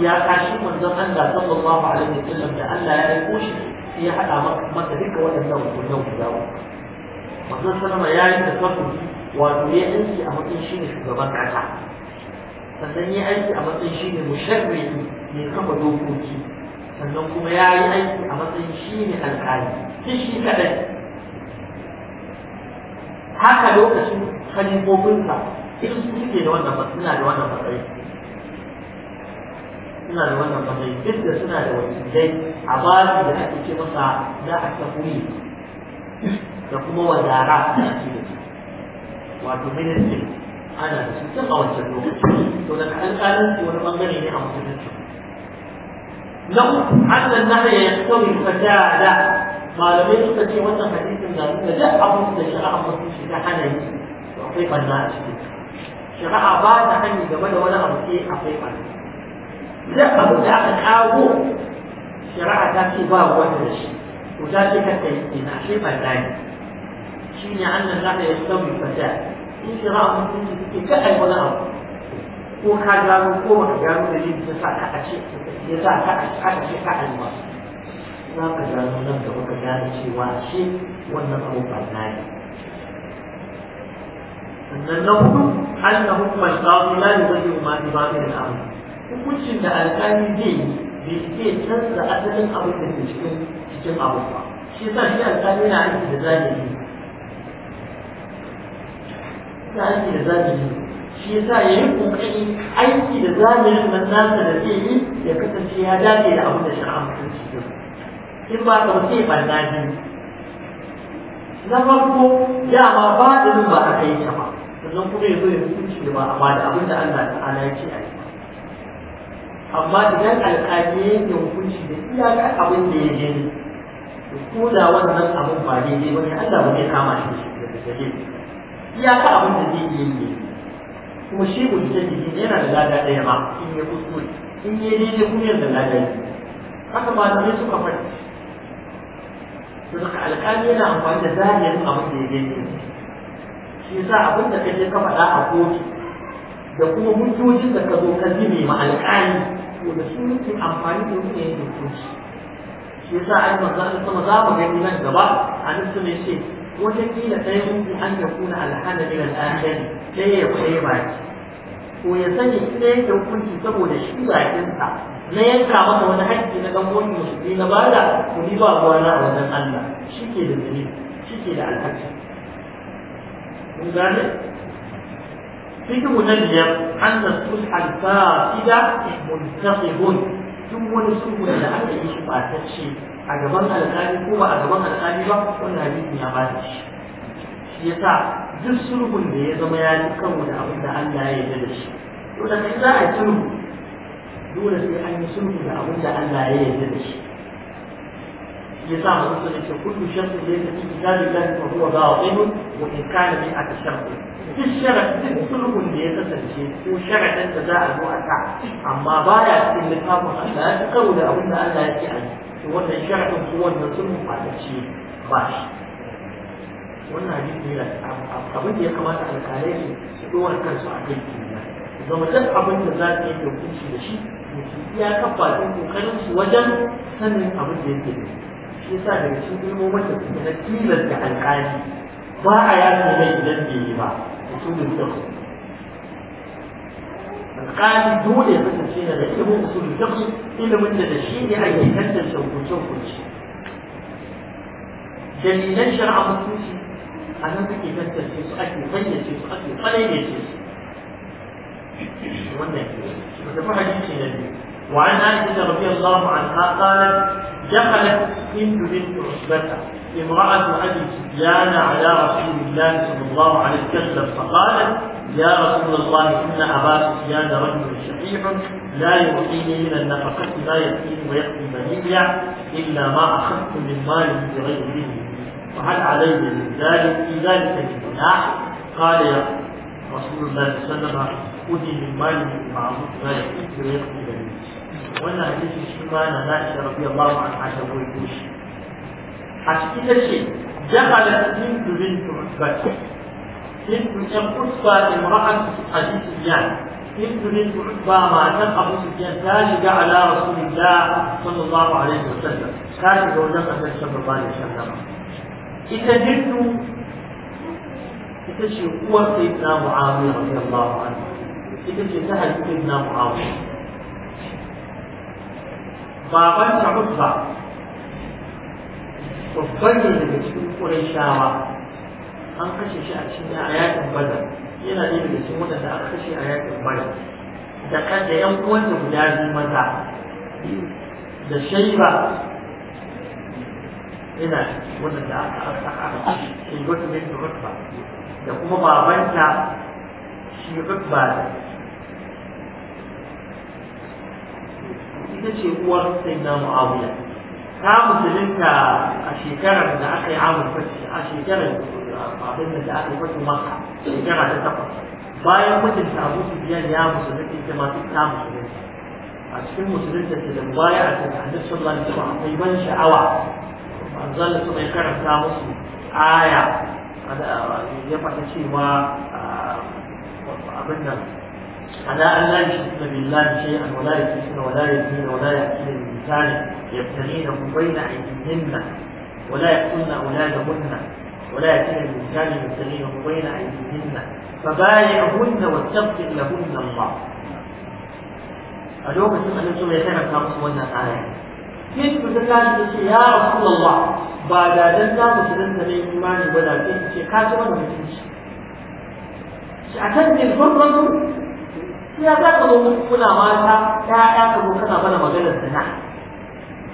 ya kashi manzon Allah sallallahu alaihi wasallam da Allah ya aiko shi sai ya hada maka duka waɗannan hukunan guda manzon sallama ya yi da tasarrufi wato ya aiki a matsayin shi ne shugaban ƙasa sannan ya aiki a matsayin shi ne musharri mai kafa dokoki sannan kuma ya yi aiki a matsayin shi ne alƙali shi shi kaɗai haka lokacin kalibobinsa in suke da wannan suna da wannan matsayin. suna da wannan matsayi duk da suna da wakilai a babu da ake ce masa na a tafiye da kuma wazara da ake da wato ministry ana da su tun a wancan lokaci to daga an karanci wani bangare ne a musulunci na uku annan nahya yastawi fasada malamai suka ce wannan hadisin na nuna duk abin da shari'a musulunci ta hana yi akwai banna a cikin shari'a ba ta hanyar game da wani abu sai akwai banna duk abu da aka kawo shari'a ta ce ba wanda shi to ta ce kan ta yi na shi ba da shi ne an nan zaka yi sauyi fata in shari'a mutum ke ka ai wani abu ko ka gano ko baka gano da yin ta sa ka a ce ya sa ka aka ce ka ai za ka gano nan da baka gane cewa shi wannan abu ba na sannan na hudu hukuncin da alƙali zai yi bai ke canza asalin abin da ke cikin cikin abu ba shi sa shi alƙali yana aiki da zahiri yana aiki da zahiri shi sa ya yi ƙoƙari aiki da zahirin nan nasa da zai yi ya kasance ya dace da abin da cikin cikin in ba ka wuce ɓarna biyu na farko dama ba da ba a kai ta ba sannan kuma ya zo ya hukunci ba amma da abin da Allah ta'ala ya ce a yi amma idan alƙali ya yi hukunci da iyaka abin da ya gani ko da wannan abin ba daidai ba ne Allah ba zai kama shi da shi Iyaka abin da zai yi ne kuma shi da ne yana da lada ɗaya ma in ya kuskure in ya ne kuma yana da lada biyu haka malamai suka faɗi to daga alƙali yana amfani da zahirin abin da ya gani shi yasa abin da kaje ka faɗa a kotu da kuma hujjojin da ka zo ka zime ma alƙali da su muke amfani da muke yin hukunci shi yasa ai manzo sama za mu gani nan gaba a nufin ne ce wajen kila ɗaya muku an ya na alhana min al'adari ɗaya ya kwaye baki ko ya sani ɗaya ya hukunci saboda shi bakinsa na yanka masa wani hakki na gamboni musulmi na bada ku ni ba ruwana a wajen Allah shi ke da zuni shi ke da alhaji. Mun gane? فكر نبير أن الصلح الفاسد منتقب duk wani sulhun da aka yi shi batacce a gaban alƙali ko a gaban alƙali ba wannan hadisi ya bada shi shi yasa duk sulhun da ya zama ya yi kanmu da abin da Allah ya yarda da shi to da kai za a yi sulhu dole sai an yi sulhu da abin da Allah ya yarda da shi shi yasa mu sun ce kullu shartu laysa fi kitabillahi fa huwa batil wa in kana min atashabbuh duk sharaɗin sulhun da ya kasance ko sharaɗin da za a zo a sa amma ba ya cikin littafin Allah ya fi karo da abin da Allah ya ce a yi to wannan sharaɗin ko wannan sulhun ba ta ce ba shi wannan hadisi ne abin da ya kamata alƙalai su su ɗora kansu a kan kenan zama duk abin da za su yi hukunci da shi mutum ya kafa ɗin ƙoƙarin su wajen sanin abin da yake da shi yasa daga cikin ilmomin da suke na tilas da alƙali ba a yaƙi mai idan bai yi ba اصول الفقه قال دولة مثلا شيء هذا يبقى أصول الفقه إلا من هذا الشيء يعني يكسر شوك وشوك وشيء جميلا شرع مطلوسي أنا بك يكسر في سؤالك يفيد في سؤالك فلا يجب وعن آية رضي الله عنها قالت دخلت هند بنت عصبتها امرأة أبي سفيان على رسول الله صلى الله عليه وسلم فقالت يا رسول الله إن أبا سفيان رجل شحيح لا يعطيني من النفقة لا يكفيني ويكفي بنيا إلا ما أخذت من ماله بغيره فهل علي من ذلك في ذلك الجناح؟ قال يا رسول الله صلى الله عليه وسلم خذي من ماله المعروف ما يكفيك ويكفي بنيا. وأنا حديث الشيخ رضي الله عنه عشر ويكوشي. a ciki ta ce jahalar hindu bintu utbata hindu ɗan utba imra'an abi sufyan hindu bintu utba matan abu sufyan ta shiga ala rasulillah sallallahu alaihi wasallam ta shiga wajen annabi sallallahu alaihi wasallam ita hindu ita ce uwar sayyidina mu'awiya radiyallahu anhu ita ce ta haifi sayyidina mu'awiya baban ta utba babban ne daga cikin ƙurashawa an kashe shi a cikin a yakin badar yana ne daga cikin waɗanda aka kashe a yakin badar da kan da ƴan uwansa guda biyu maza da shaiba yana waɗanda aka aka aka shaibatu min rutba da kuma babanta shi rutba ita ce uwar sayyidina mu'awiya ta musulunta a shekarar da aka yi amur fashi a shekarar abin da aka yi fashi maka shekara ta takwas bayan mutunta abu su biyar ya musulunta ita ma duk ta musulunta a cikin musulunta ta da baya a cikin hannun sallan su akwai ban sha'awa manzan da suka yi karanta musu aya ya faɗa cewa abin nan ala an la yushriku billahi shay'an wa la yushriku wa la yu'minu wa la ya'tihi bi يبتلينهم بين أيديهن ولا يكون أولادهن ولا يكون الإنسان يبتلينهم بين أيديهن فبايعهن واستغفر لهن الله أدعوك السنة للسنة يتنى بنامس وانا آية كيف تتكلم تسي يا رسول الله بعد ذلك مسلم تلي إيمان ولا كيف تسي خاسما ولا كيف تسي شعتني الفرقة يا ذاك الله كنا ماتا يا ذاك الله كنا بنا مجلس نحن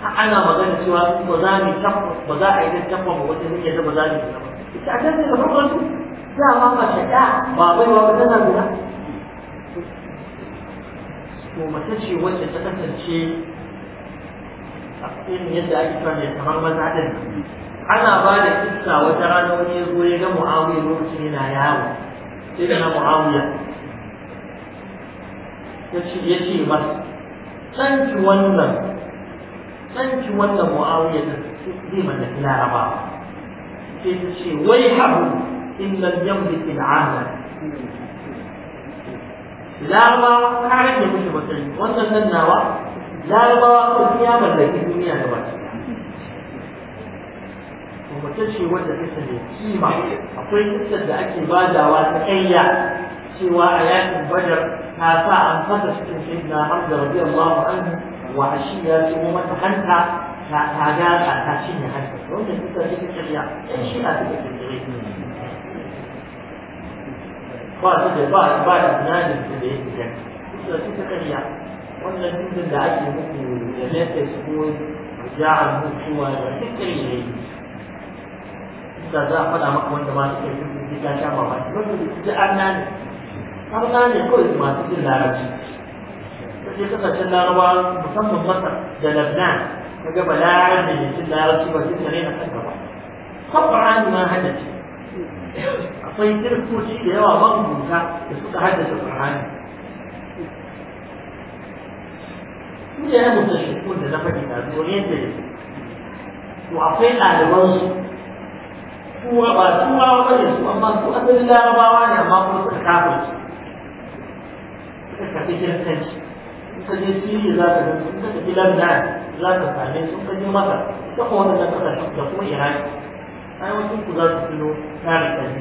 ana magana cewa ba za mu ba za a yi tabba ba wata nake da ba za mu ba ita a kan da farkon za ma ba ta da ba bai ba ta na guda to mace ce wacce ta kasance a cikin yadda ake fara ne kamar maza din ana ba da kissa wata rana wani ya ya ga mu'awiya lokacin yana yawo sai da na mu'awiya ya ce masa canji wannan ɗanki wannan mu'awiya ta zai mallaki laraba sai ta ce wai habu in lam yamlik al'ala laraba ka rage mishi matsayi wannan nan nawa laraba ko ya mallaki duniya da baki to mace ce wanda take da kima akwai kissar da ake badawa ta kayya cewa a yakin badar ta sa an fasa cikin sayyidina hamza radiyallahu anhu wahashi ya ce mata hanta ta ta gaza ta cinye hanta wanda suka ce ta shirya ɗan shi na suka ba su da ba ba da tunanin su da yake jan suka ce ta karya wannan dukkan da ake muku da lafiyar su ko ja'an mutuwa da sikiri ne da za a faɗa maka wanda masu kai sun fi ta sha mamaki wanda da an nane har nane kawai masu jin larabci sai kasashen larabawa musamman masar da labnan ka ga balaran da ne cin larabci ba sai tare a kan gaba kwakwara ma haddace akwai kirkoci da yawa marubuta da suka haddasa ƙur'ani inda ya mutu shukun da na faɗi na zuwa yadda ya to akwai ɗalibansu kuwa ba turawa ba ne su amma su asalin larabawa ne amma kuma suka kafin su suka kafi kirkanci ka je siri za ka ga sun ka tafi london za ka same sun ka je masar da kuma wannan kasashen da kuma iraki ai wasu ku za su filo tarin ɗari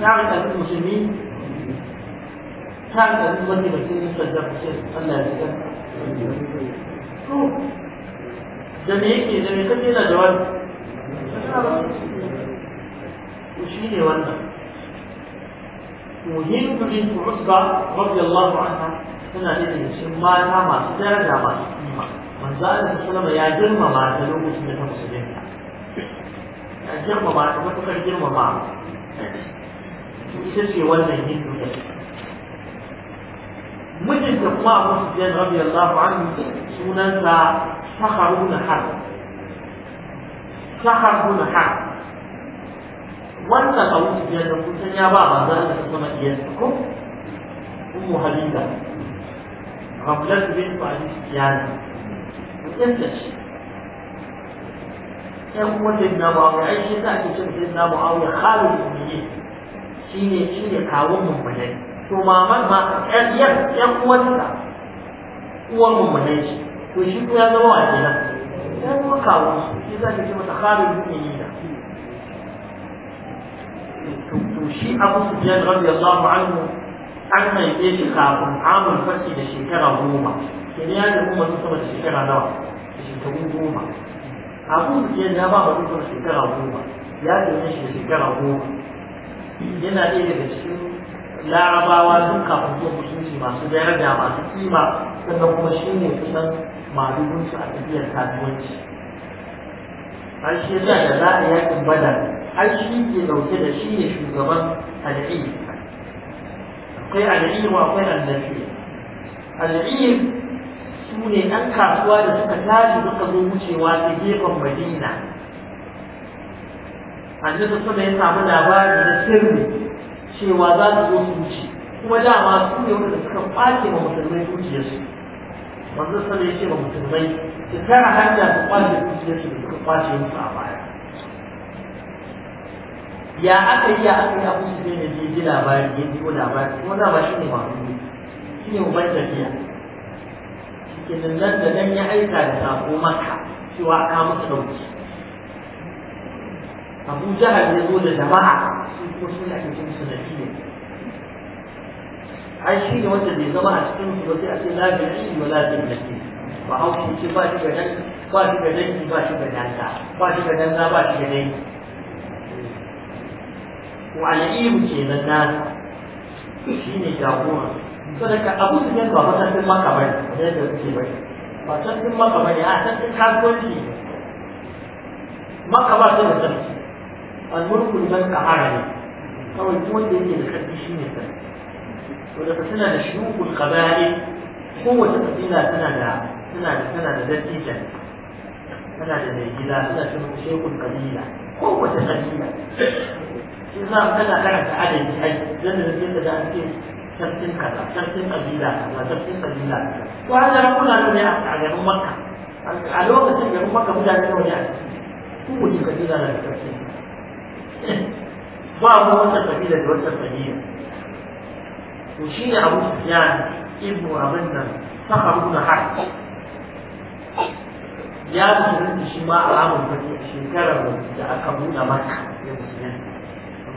tarin ɗari musulmi tarin ɗari wanda ba sun yi sadda ku ce allah ya ji da me yake da me kake na jawabi shi ne wannan وهند بنت عتبة رضي الله عنها tana da cikin mata masu daraja masu kima manzo Allah sallama ya girmama ta lokacin da ta musulunta ya girmama ta matukar girmama ita ce wannan hindu ne mijinta kuma abu su jiyan rabi Allah anhu sunansa saharun har saharun har wannan abu su jiyan da kusan ya ba manzo Allah sallama iyansa ko ummu habiba قبلته بنت أبي سفيان وتنتج ‘yan wajen Muawiya ai shi za ki cin sayyidina Muawiya khalid mu'minin shine shine kawun mummunai to maman ma ‘yan yan uwansa uwan mummunai shi to shi ko ya zama wa kenan ya zama kawun shi za ki ce masa khalid mu'minin to shi Abu Sufyan radiyallahu anhu an haife shi kafin amur fasi da shekara goma kini ya da kuma sama da shekara nawa da shekaru goma abu da ya ba mutum da shekara goma ya ne shi da shekara goma yana ɗaya daga cikin larabawa duk kafin zuwa musulunci masu daraja masu kima sannan kuma shi ne kusan malubunsu a tafiyar kasuwanci an shi da za a yakin badar an shi ke dauke da shi ne shugaban al'adu. akwai al'ilm akwai annabi al'ilm su ne ɗan kasuwa da suka tashi suka zo wucewa ta gefen madina annabi sama ya samu labari na sirri cewa za su zo su wuce kuma dama su ne wanda suka kwace ma musulmai zuciyarsu manzo sama ya ce ma musulmai su tara hanya su kwace zuciyarsu da suka kwace musu a baya ya aka yi ya aka yi abu shi ne da ji labari ya ji labari kuma za ba shi ne ba shi ne tafiya shi ke nan da nan ya aika da sako maka cewa ka musu dauki abu jahal ya zo da jama'a su ko shi ne ake cin sunaki ne ai shi ne wanda zai zama a cikin su ba sai a ce lafiyar shi da ke ba haushi ce ba shi ga dangi ba shi ga dangi ba shi ga danga ba shi ga danga ba shi ga al'ibu ke nan na shi ne jagora saboda abu su ba matakin maka bane yadda suke bane ba matakin maka bane a tattun kasuwanci maka ba su da sarki almulkun don ka harami kawai kuma wanda yake da sarki shi ne sarki saboda ka tana da shukun kabari kowace kabila tana da tana da tana da dattijan tana da mai gida tana da shekun kabila kowace kabila shi za tana karanta adadi ai yadda da sai da an ce sarkin kaza sarkin kabila kaza sarkin kabila to an kuna ne a garin makka a lokacin garin makka mutane ne wani ku ne kabila na sarkin ba mu wata kabila da wata kabila to shi ne abu abin nan sakar ibn harb ya musulunci shi ma alamun fati shekarar da aka buɗe maka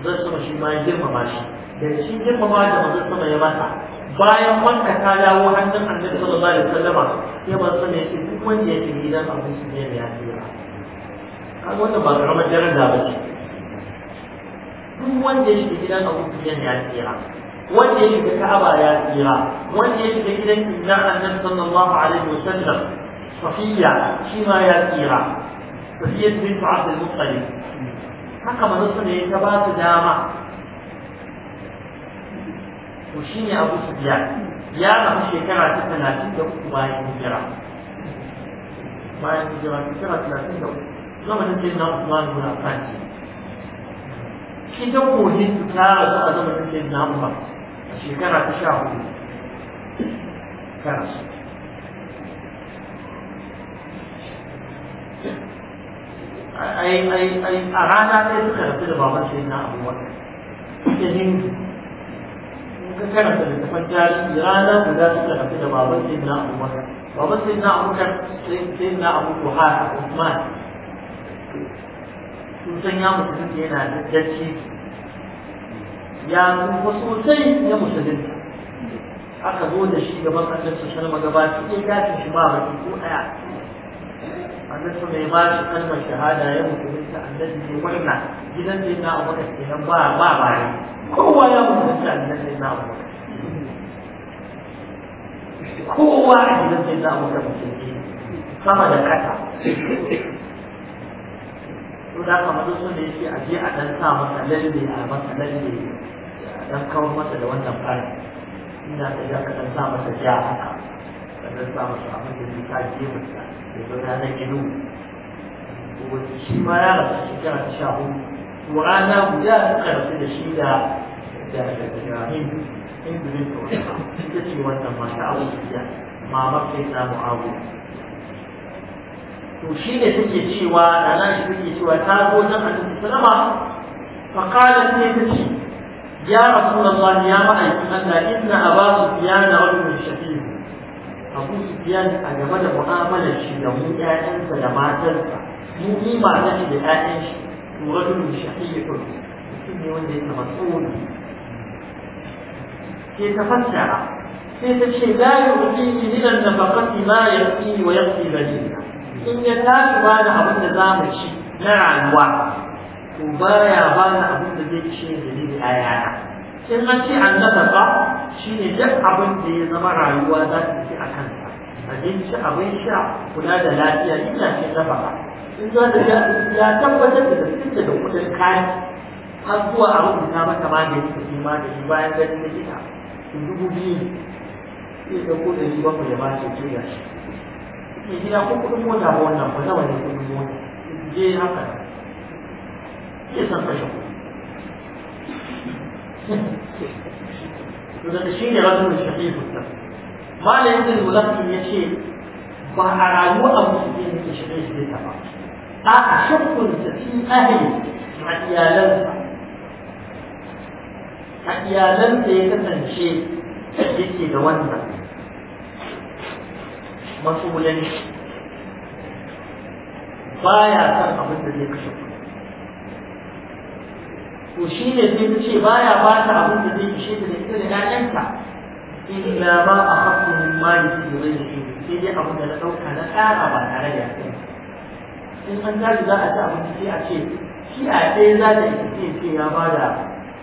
manzon sama shi ma ya girmama shi da shi girmama da manzon sama ya masa bayan wanka ta dawo hannun annabi sallallahu alaihi wasallam sai manzon sama ya ce duk wanda yake gidan abin su ne ya tsira kan wanda ba karamar da ba ce duk wanda yake gidan abin su ne ya tsira wanda ya shiga Ka'aba ya tsira wanda ya shiga gidan inna annabi sallallahu alaihi wasallam safiya shi ma ya tsira safiya bint abdul muttalib haka manzo ne ta ba su dama to ne Abu biya ya zama shekara ta talatin da uku bayan hijira bayan hijira shekara talatin da uku zama ta cikin Usman ibn nuna kanci shi ta kohin su tara za a zama ta cikin Umar a shekara ta sha hudu ta ai ai ai a rana ɗaya suka rasu da baban sai na abu wata suke hindu in ka karanta da tafan tarihi rana guda suka rasu da baban sai na abu wata baban sai na abu kan sai na abu buhari usman sun san ya musulunta yana da dacci ya kuma sosai ya musulunta aka zo da shi gaban annabi sallallahu alaihi wasallam gabaki ɗaya gashin shi ba baki ko ɗaya annabi Sulaiman shi kalmar shahada ya mutu mutunta annabi ke na gidan da yana Abu Bakar kenan ba ba bari kowa ya mutu mutunta annabi na Abu Bakar kowa a gidan da yana Abu Bakar mutunta sama da kasa to da kamar su ne yake a je a dan sa masa lalle a masa lalle a dan kawo masa da wannan fara ina ta ja ka dan sa masa ja haka dan sa masa abin da ya ta je mutu. rana ido wani shi ma ya rasu shekara ta sha hudu rana guda suka rasu da shi da da ibrahim ne ta ce wannan abu da mamar sai samu abu to shi ne take cewa rana shi take cewa ta zo nan a cikin salama fakalar ne ta ce ya rasu da ya ma'aikin Allah inna fiya na wani shafi abu sufiyan a game da mu'amalar shi da mu ƴaƴansa da matarsa mu ni matar shi da ƴaƴan shi turatun shahiyatun mutum ne wanda ya zama tsoni sai ta fassara sai ta ce la yu'tihi min an-nafaqati ma yaqi wa yaqi baliya in ya tashi ba da abin da za mu ci na rayuwa to baya ba da abin da zai ci da zai ayana in an ce an ba shi ne duk abin da ya zama rayuwa za ta fi a kansa abinci abin sha kula da lafiya ina ce ba. in za ta ya tabbatar da gaskiyar da kudin kayan har zuwa a rubuta mata ba da ma da shi bayan ganin likita dubu biyu ne da kudin da ba bakwai ya ba ce ce ya shi ke gida ko kudin mota ba wannan ba zama ne kudin mota je haka ke san kashe kuɗi to daga shi ne rajulun shahihun nan malamin da mulakin ya ce ba a rayuwa a musulmi da ke shirye shirye ta ba a a shakkun sa fi ahli a iyalansa a iyalansa ya kasance yake da wannan masu matsulanci baya san abin da zai kashe kuɗi to shi ne sai ta ce baya ba ta abin da zai ishe ta da ita da ƴaƴanta illa ma a haƙƙo min ma ya ce da sai dai abin da na ɗauka na ƙara ba tare da yaƙi in an zaɓi za a ci abinci sai a ce shi a ɗaya za ta yi sai ce ya ba da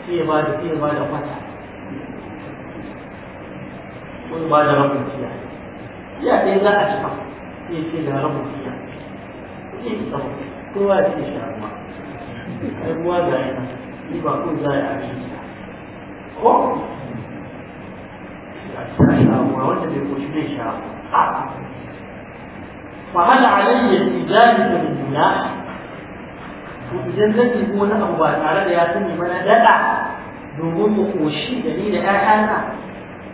sai ya ba da sai ya ba da kwata ko ya ba da rabin tiya ya ɗaya za a ci ba sai ce da rabin tiya sai ya ci kowa ya ce shi ruwa ai ruwa da yana ni ba ko za a yi ko Ya a shawuwa wanda bai koshi zai sha a fahal alayya tijari da mutuna to idan zan yi wani abu ba tare da ya sani mana daɗa domin mu koshi da ni da ƴaƴana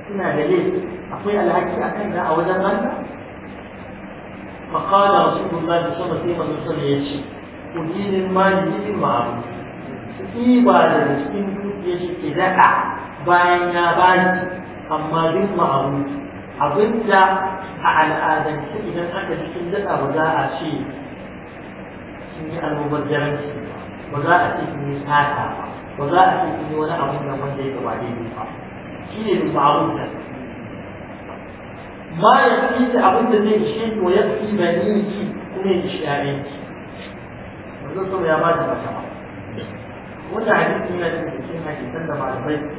suna da laifi akwai alhaki a kan a wajen Allah فقال رسول الله صلى الله عليه وسلم يجي أدين المال بالمعروف ɗiba daga cikin dukiyar shi ke daɗa bayan ya bani amma duk ma'amuci abinda a al'adance idan aka cikin daɗa ba za a ce sun yi al'ummar almubazzaranci ba za a ce sun yi sata ba za a ce sun yi wani abin da wanda ya gaba daidai ba shi ne duk ma'amuci ma ya fi da abin da zai ishe ko ya fi bani ki kuma ya ishe yarenki. Wanzan sama ya ba da mata ba. وانا عديد ايه لديك الكلمة البيت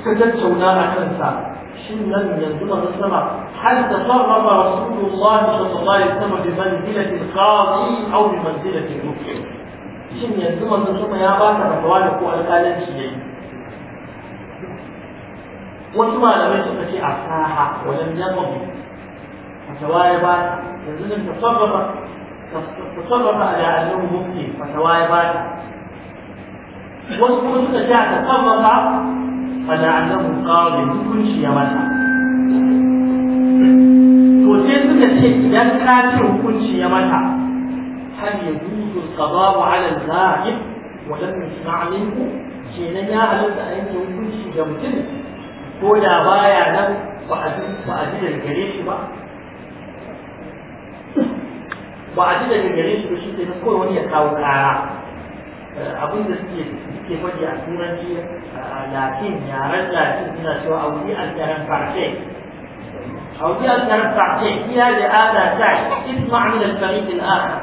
شكدت شونها عشان ساعة شن لم ينزل الاسلام حتى تصرف رسول الله صلى الله عليه وسلم بمنزلة القاضي او بمنزلة المكتب شن ينزل الاسلام يا باتا بطوالي قوة ولم يمضي فتوائبات ينزل تصرف على علم المكتب فتوائبات wasu kuma suka ce aka kan masa fada annabu qadi hukunci ya mata to sai suka ce idan ka ce hukunci ya mata hal yajuzu al-qada'u 'ala al-ghaib wa lam yusma' minhu kenan ya halatta a yanke hukunci ga mutum ko da baya nan ba a ba a ji daga gare shi ba ba a ji daga gare shi ba shi ke kawai wani ya kawo kara eh, abin da suke suke faɗi a turanci a latin yaren latin suna cewa auri alkaran farce auri alkaran farce iya da ada ta isma min al-farid al-akhar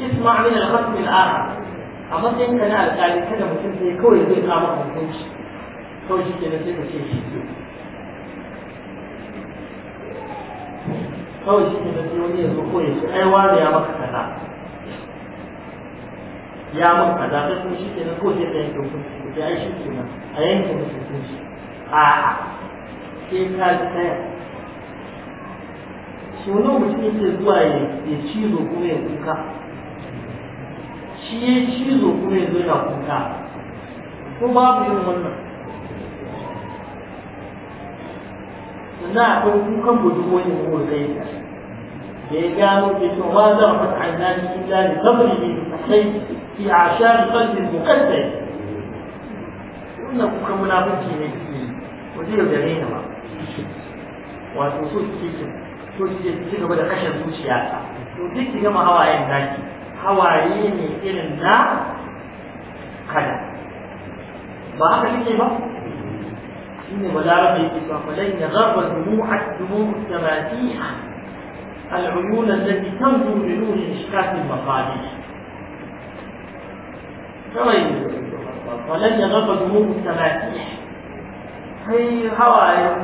isma min al-khasm al-akhar a matsayin ka na alƙali kada mutum sai kawai zai kama hukunci kawai shi ke na sai ka ce shi kawai shi ke na sai wani ya zo kawai ya ce ai wani ya maka kaza ya mun kaza kai kuma shi kenan ko sai ka yanke hukunci ai shi kenan a yanke musu hukunci a a sai ka ji shi wani mutum yake zuwa ya cizo kuma ya kuka shi ya cizo kuma ya zo yana kuka ko babu irin wannan sannan akwai kukan قالوا وما ذرفت عيناك إلا لفضله الحي في أعشاب قلب المقدس wannan kuka munafunci ne ku zai yaudare ni ma. wato so ki ce so ce ci gaba da kashe zuciya ta to duk ki gama hawayen naki hawaye ne irin na kada ba haka kike ba shine balarabe yake cewa falan ya gharba dumu'a dumu'u tamatiha العيون التي تنظر لنور إشكاك المقادير تغير ولن يغضب نور التماسيح في هواء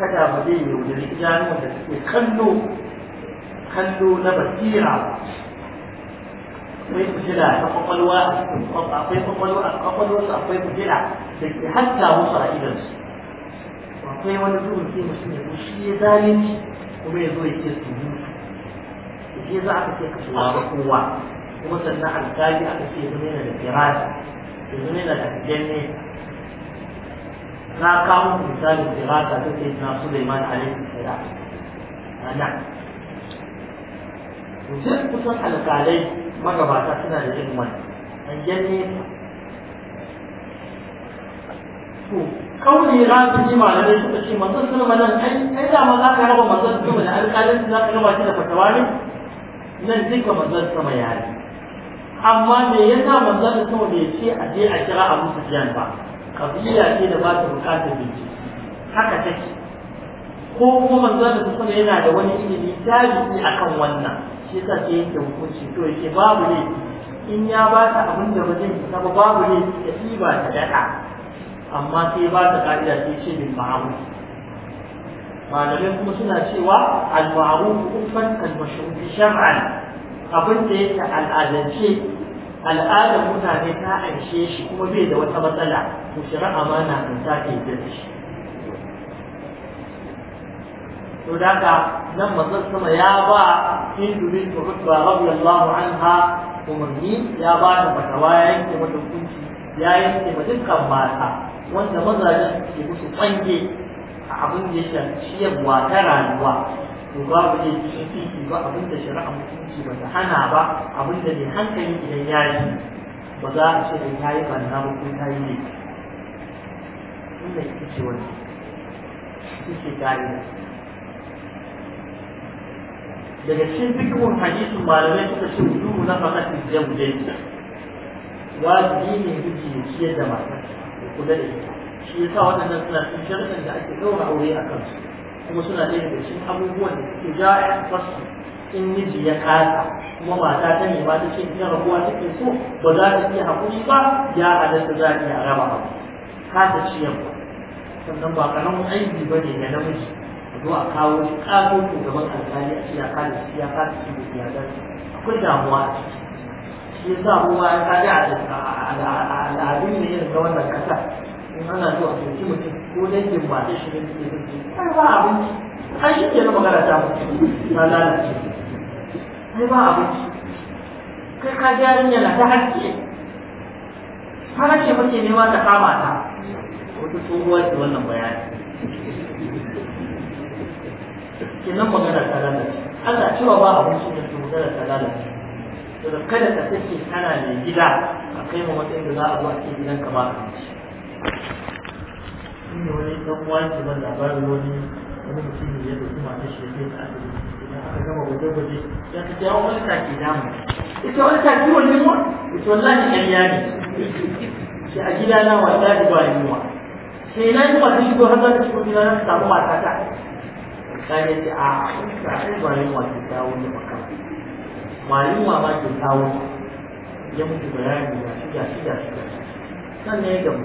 كتابتين وللرجال والنسيء خلوا خلوا لبسيرة أعطيت جلع الواحد أعطيت الواحد قبلوا الواحد أعطيت جلع حتى وصل إلى المسجد وأعطيت ونزول في مسلم وشي ذلك وما يزول يكتب shi za a ce ka shugaba kowa kuma sannan alkali aka ce zama yana da firasi zama yana da janne na kawo misalin firasa ta ce na suleiman alaihi salam a nan duk kusan alƙalai, magabata suna da irin wannan an janne to kauli za su ji malamai suka ce manzon sulma nan ai ai da ma za ka raba masu sulma da alƙalin za ka raba shi da fatawa ne nan duka manzon sama ya yi amma me yasa manzon sama bai ce a je a kira Abu Sufyan ba kabila ce da ba ta bukatar bincike haka take ko kuma manzon da sama yana da wani ilimi tarihi kan wannan shi yasa sai yake hukunci to yake babu ne in ya ba ta abin da bazai ta ba babu ne ya ba ta daɗa amma sai ba ta ka'ida sai ce bin ma'amuli malamai kuma suna cewa al-ma'ruf uffan al-mashhur shar'an abin da yake al'adance al'adar mutane ta anshe shi kuma bai da wata matsala to shari'a ma na ta da shi to daga nan mazan sama ya ba Hindu bint Utba radiyallahu anha umarni ya ba ta fatawa ya yanke mata hukunci ya yanke ma dukkan mata wanda mazajen suke musu fanke. abin da ya ciyarwa ta rayuwa to babu ne titi ba abin da shari'a mutunci ba ta hana ba abin da ne hankali idan ya yi ba za a ce da ta yi banna ba ko ta yi ne inda ita ce wani ita ce ka'ida daga cikin fikirin hadisin malamai suka ce wujuhu na fakat jamu dai wajibi ne miji ya ciyar da matarsa ya kula da ita shi sa waɗannan suna cikin sharuɗan da ake ɗaura aure a kansu kuma suna ɗaya daga cikin abubuwan da suke ja a fasu in miji ya kasa kuma mata ta nema ta ce ina rabuwa take so ba za ta iya haƙuri ba ya halatta za a iya raba ba kasa ciyar ba sannan ba karamin aiki ba ne ya namiji zo a kawo shi ƙato ko gaban alƙali a ciya kada su ya kada su da siyasar akwai damuwa a ciki shi ya sa kuma ya a al'adun ne irin ga wannan ƙasa in ana zuwa ɗauki mutum ko dangin mata shi ne suke zai ba abinci ai shi ke na magana ta mutu ta lalace ai ba abinci kai ka ji yarinya na ta haske ta haske mace nema ta kama ta wata tsohuwa ce wannan bayani nan magana ta lalace Allah cewa ba abinci da ke magana ta lalace kada ka sake kana mai gida a kai ma matsayin da za a zo a cikin gidanka ba ka shi wani ɗan wani wani asibiti gama gwaje-gwaje ya damu ita wani take wani mu shi a gida na wallahi ba yunwa sai na yi mata shigo har za shigo gida na samu mata ta ta ne ce a kun ba yunwa ke dawo da makama ma yunwa ba ke dawo ya mutu bayani ga shi ga shi sannan ya gamu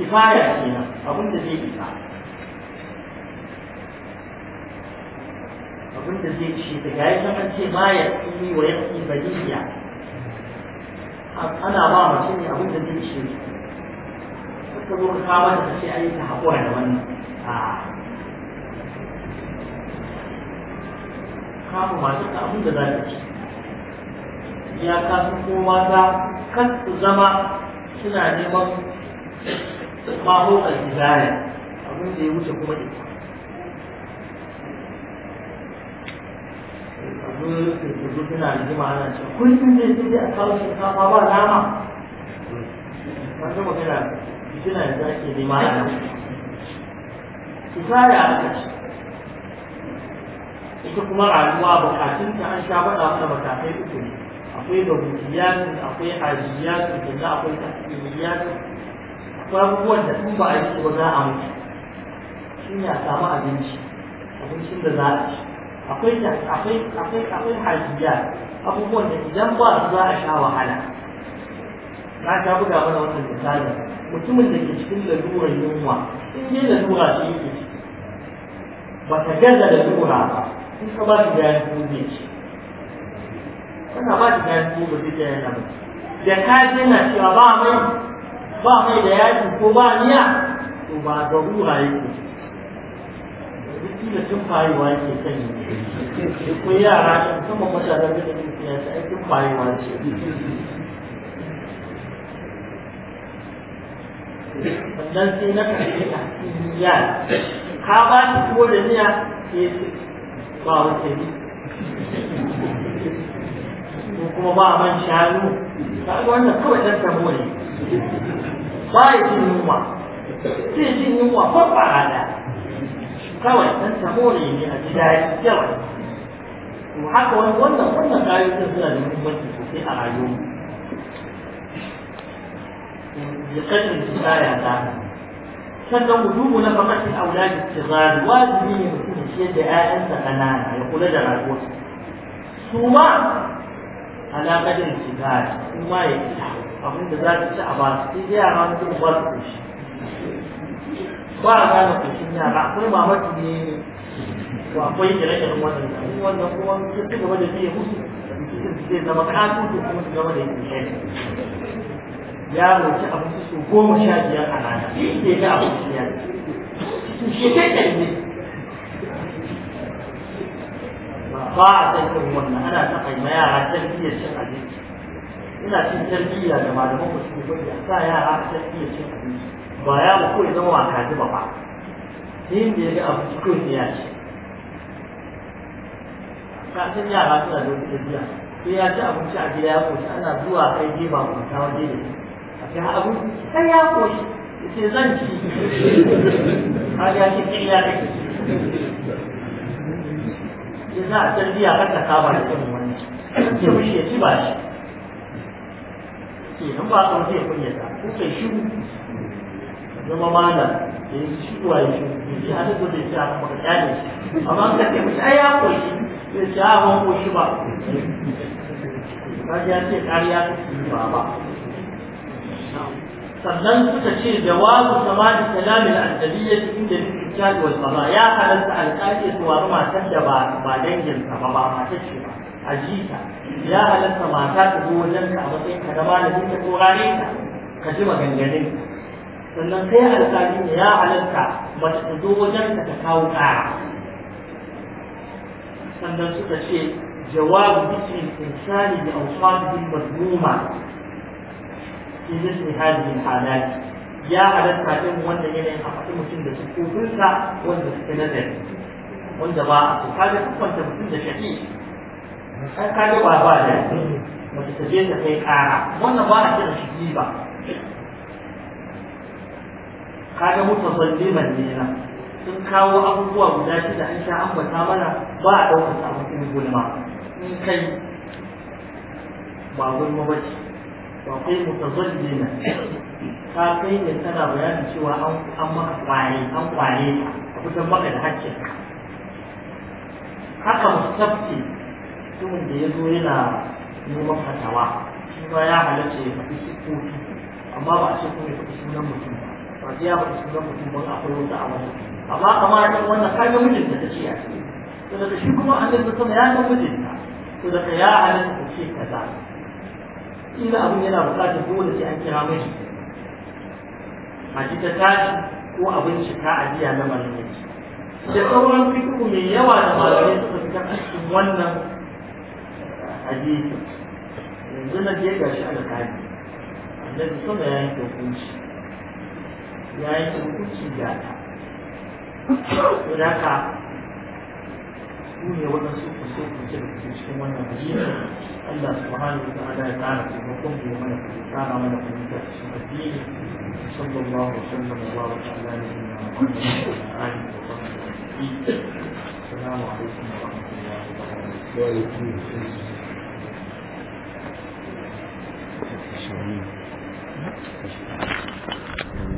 kifaya kenan abin da zai isa abin da zai ce da ya zama ce ma ya tsini wa ya tsini baliya ana ba mace ne abin da zai ce ka zo ka da ta ce ai ta haƙura da wannan a kama masu da abin da za ta ce ya kasu ko mata kan su zama suna neman su kawo al-izaya abin da ya wuce kuma ita abin da ya wuce kuma da ya wuce kuma ita abin da ya wuce kuma ita abin da ya wuce da ya wuce ya wuce kuma ita kuma rayuwa bukatun ta an sha bada mana matakai uku ne akwai da mutiyatu akwai ajiyatu da akwai tasiriyatu abubuwan da tun ba a yi ba za a mutu shi ne a samu abinci abincin da za a ci akwai akwai akwai akwai hajiya abubuwan da idan ba su za a sha wahala na ta buga mana wannan misalin mutumin da ke cikin lalurar yunwa in dai lalura ce yake ciki ba ta gaza lalura ba in ka ba shi gaya ko zai ci kana ba shi gaya ko ba zai gaya na ba da ka jina cewa ba mai ba mai da yaji ko ba niya, to ba ga rura yake kila tun fayewa yake sani da ko yara ne musamman matasan da suke siyasa ai tun fayewa ce sannan sai na kashe a cikin yara ka ba shi ko da miya sai ba wata ne ko kuma ba man shanu ka ga wannan kawai dan tabo ne baya jin yunwa zai jin yunwa babba da kawai dan samu ne a ji daɗi yawa to haka wani wannan wannan kayan suna da muhimmanci sosai a rayuwa ya kadin su tsaya ta sannan wujubu na fakatin auladi tizari wajibi ne mutum ya ciyar da ƴaƴansa ƙanana ya kula da rayuwarsa su ma alaƙadin tizari kuma ya ci abin da za su ci a basu sai dai yara wani zuwa ba su kushi ba ci gaba da gaba da goma ya ba ana yara ina cin tarbiyya da malaman mu suke bari a sa yara a tarbiyya cin abinci ba ya mu kawai zama wa kaji ba ba yin da ya ga abinci cikin ne ya ce kasan yara suna da wani tarbiyya sai ya ci abinci a gida ya koshi ana zuwa kai je ba mu ta waje ne a kai abinci sai ya koshi sai zan ci har ya ce kai ya kake ya a tarbiyya kasa kama da irin wannan ya ci ba shi ke nan ba kan zai kunya ta ko kai shi zama mana da yi shi kuwa yi shi shi hannun ko zai sha maka kyale shi amma ka ce mashi ai ya koshi zai sha ban koshi ba kaji ya ce ƙarya ta ci ba ba sannan suka ce jawabu kama da kalamin addabiyya inda duk kyali wal fama ya halatta alƙaƙi su wani matan da ba danginsa ba ba matar ce ba ajita ya halatta mata ta zo wajen ka a matsayin ka na malamin ta ko rane ka ka ji maganganun sannan kai alƙali ne ya halatta mace ta zo wajen ka ta kawo ƙara sannan suka ce jawabu bikin insani da ausafin mazmuma fi misli hadhihi al-halat ya halatta din wanda yanayin a faɗi mutum da sukukunsa wanda suke nazari wanda ba a kaga kwanta mutum da shafi an da mace ta je ta kai kara wannan ba a shi ba kaga mutazalliman ne sun kawo abubuwa guda shida an sha mana ba a ɗaukar kai ba ce ba kai ka kai tana bayanin cewa an maka kwaye a kusan maka da haka mustafti mutumin da ya zo yana neman fatawa shi ma ya halarci ya faɗi siffofi amma ba a ce kuma ya faɗi sunan mutum ba sai ya faɗi sunan mutum ba akwai wata a wani amma amma ɗan wannan kaga mijinta ta ce a ce to daga shi kuma a annabi sama ya ga mijinta to daga ya halarta ta ce kaza ina abin yana buƙatar dole sai an kira mai mace ta tashi ko abin shika a jiya na malamai da sauran fikihu mai yawa da malamai suka fitar a cikin wannan hadisi yanzu na je gashi alƙali annabi sama ya yanke hukunci ya yanke hukunci da ta da haka su ne waɗansu kusa kusa da kusa cikin wannan hadisi Allah subhanahu wa ta'ala ya tsara taimakon bai mana kuma tsara mana fahimta cikin addini sallallahu alaihi wa sallam wa baraka ala nabiyyina Muhammad wa alihi wa sahbihi assalamu alaikum wa rahmatullahi wa barakatuh 什么秘密？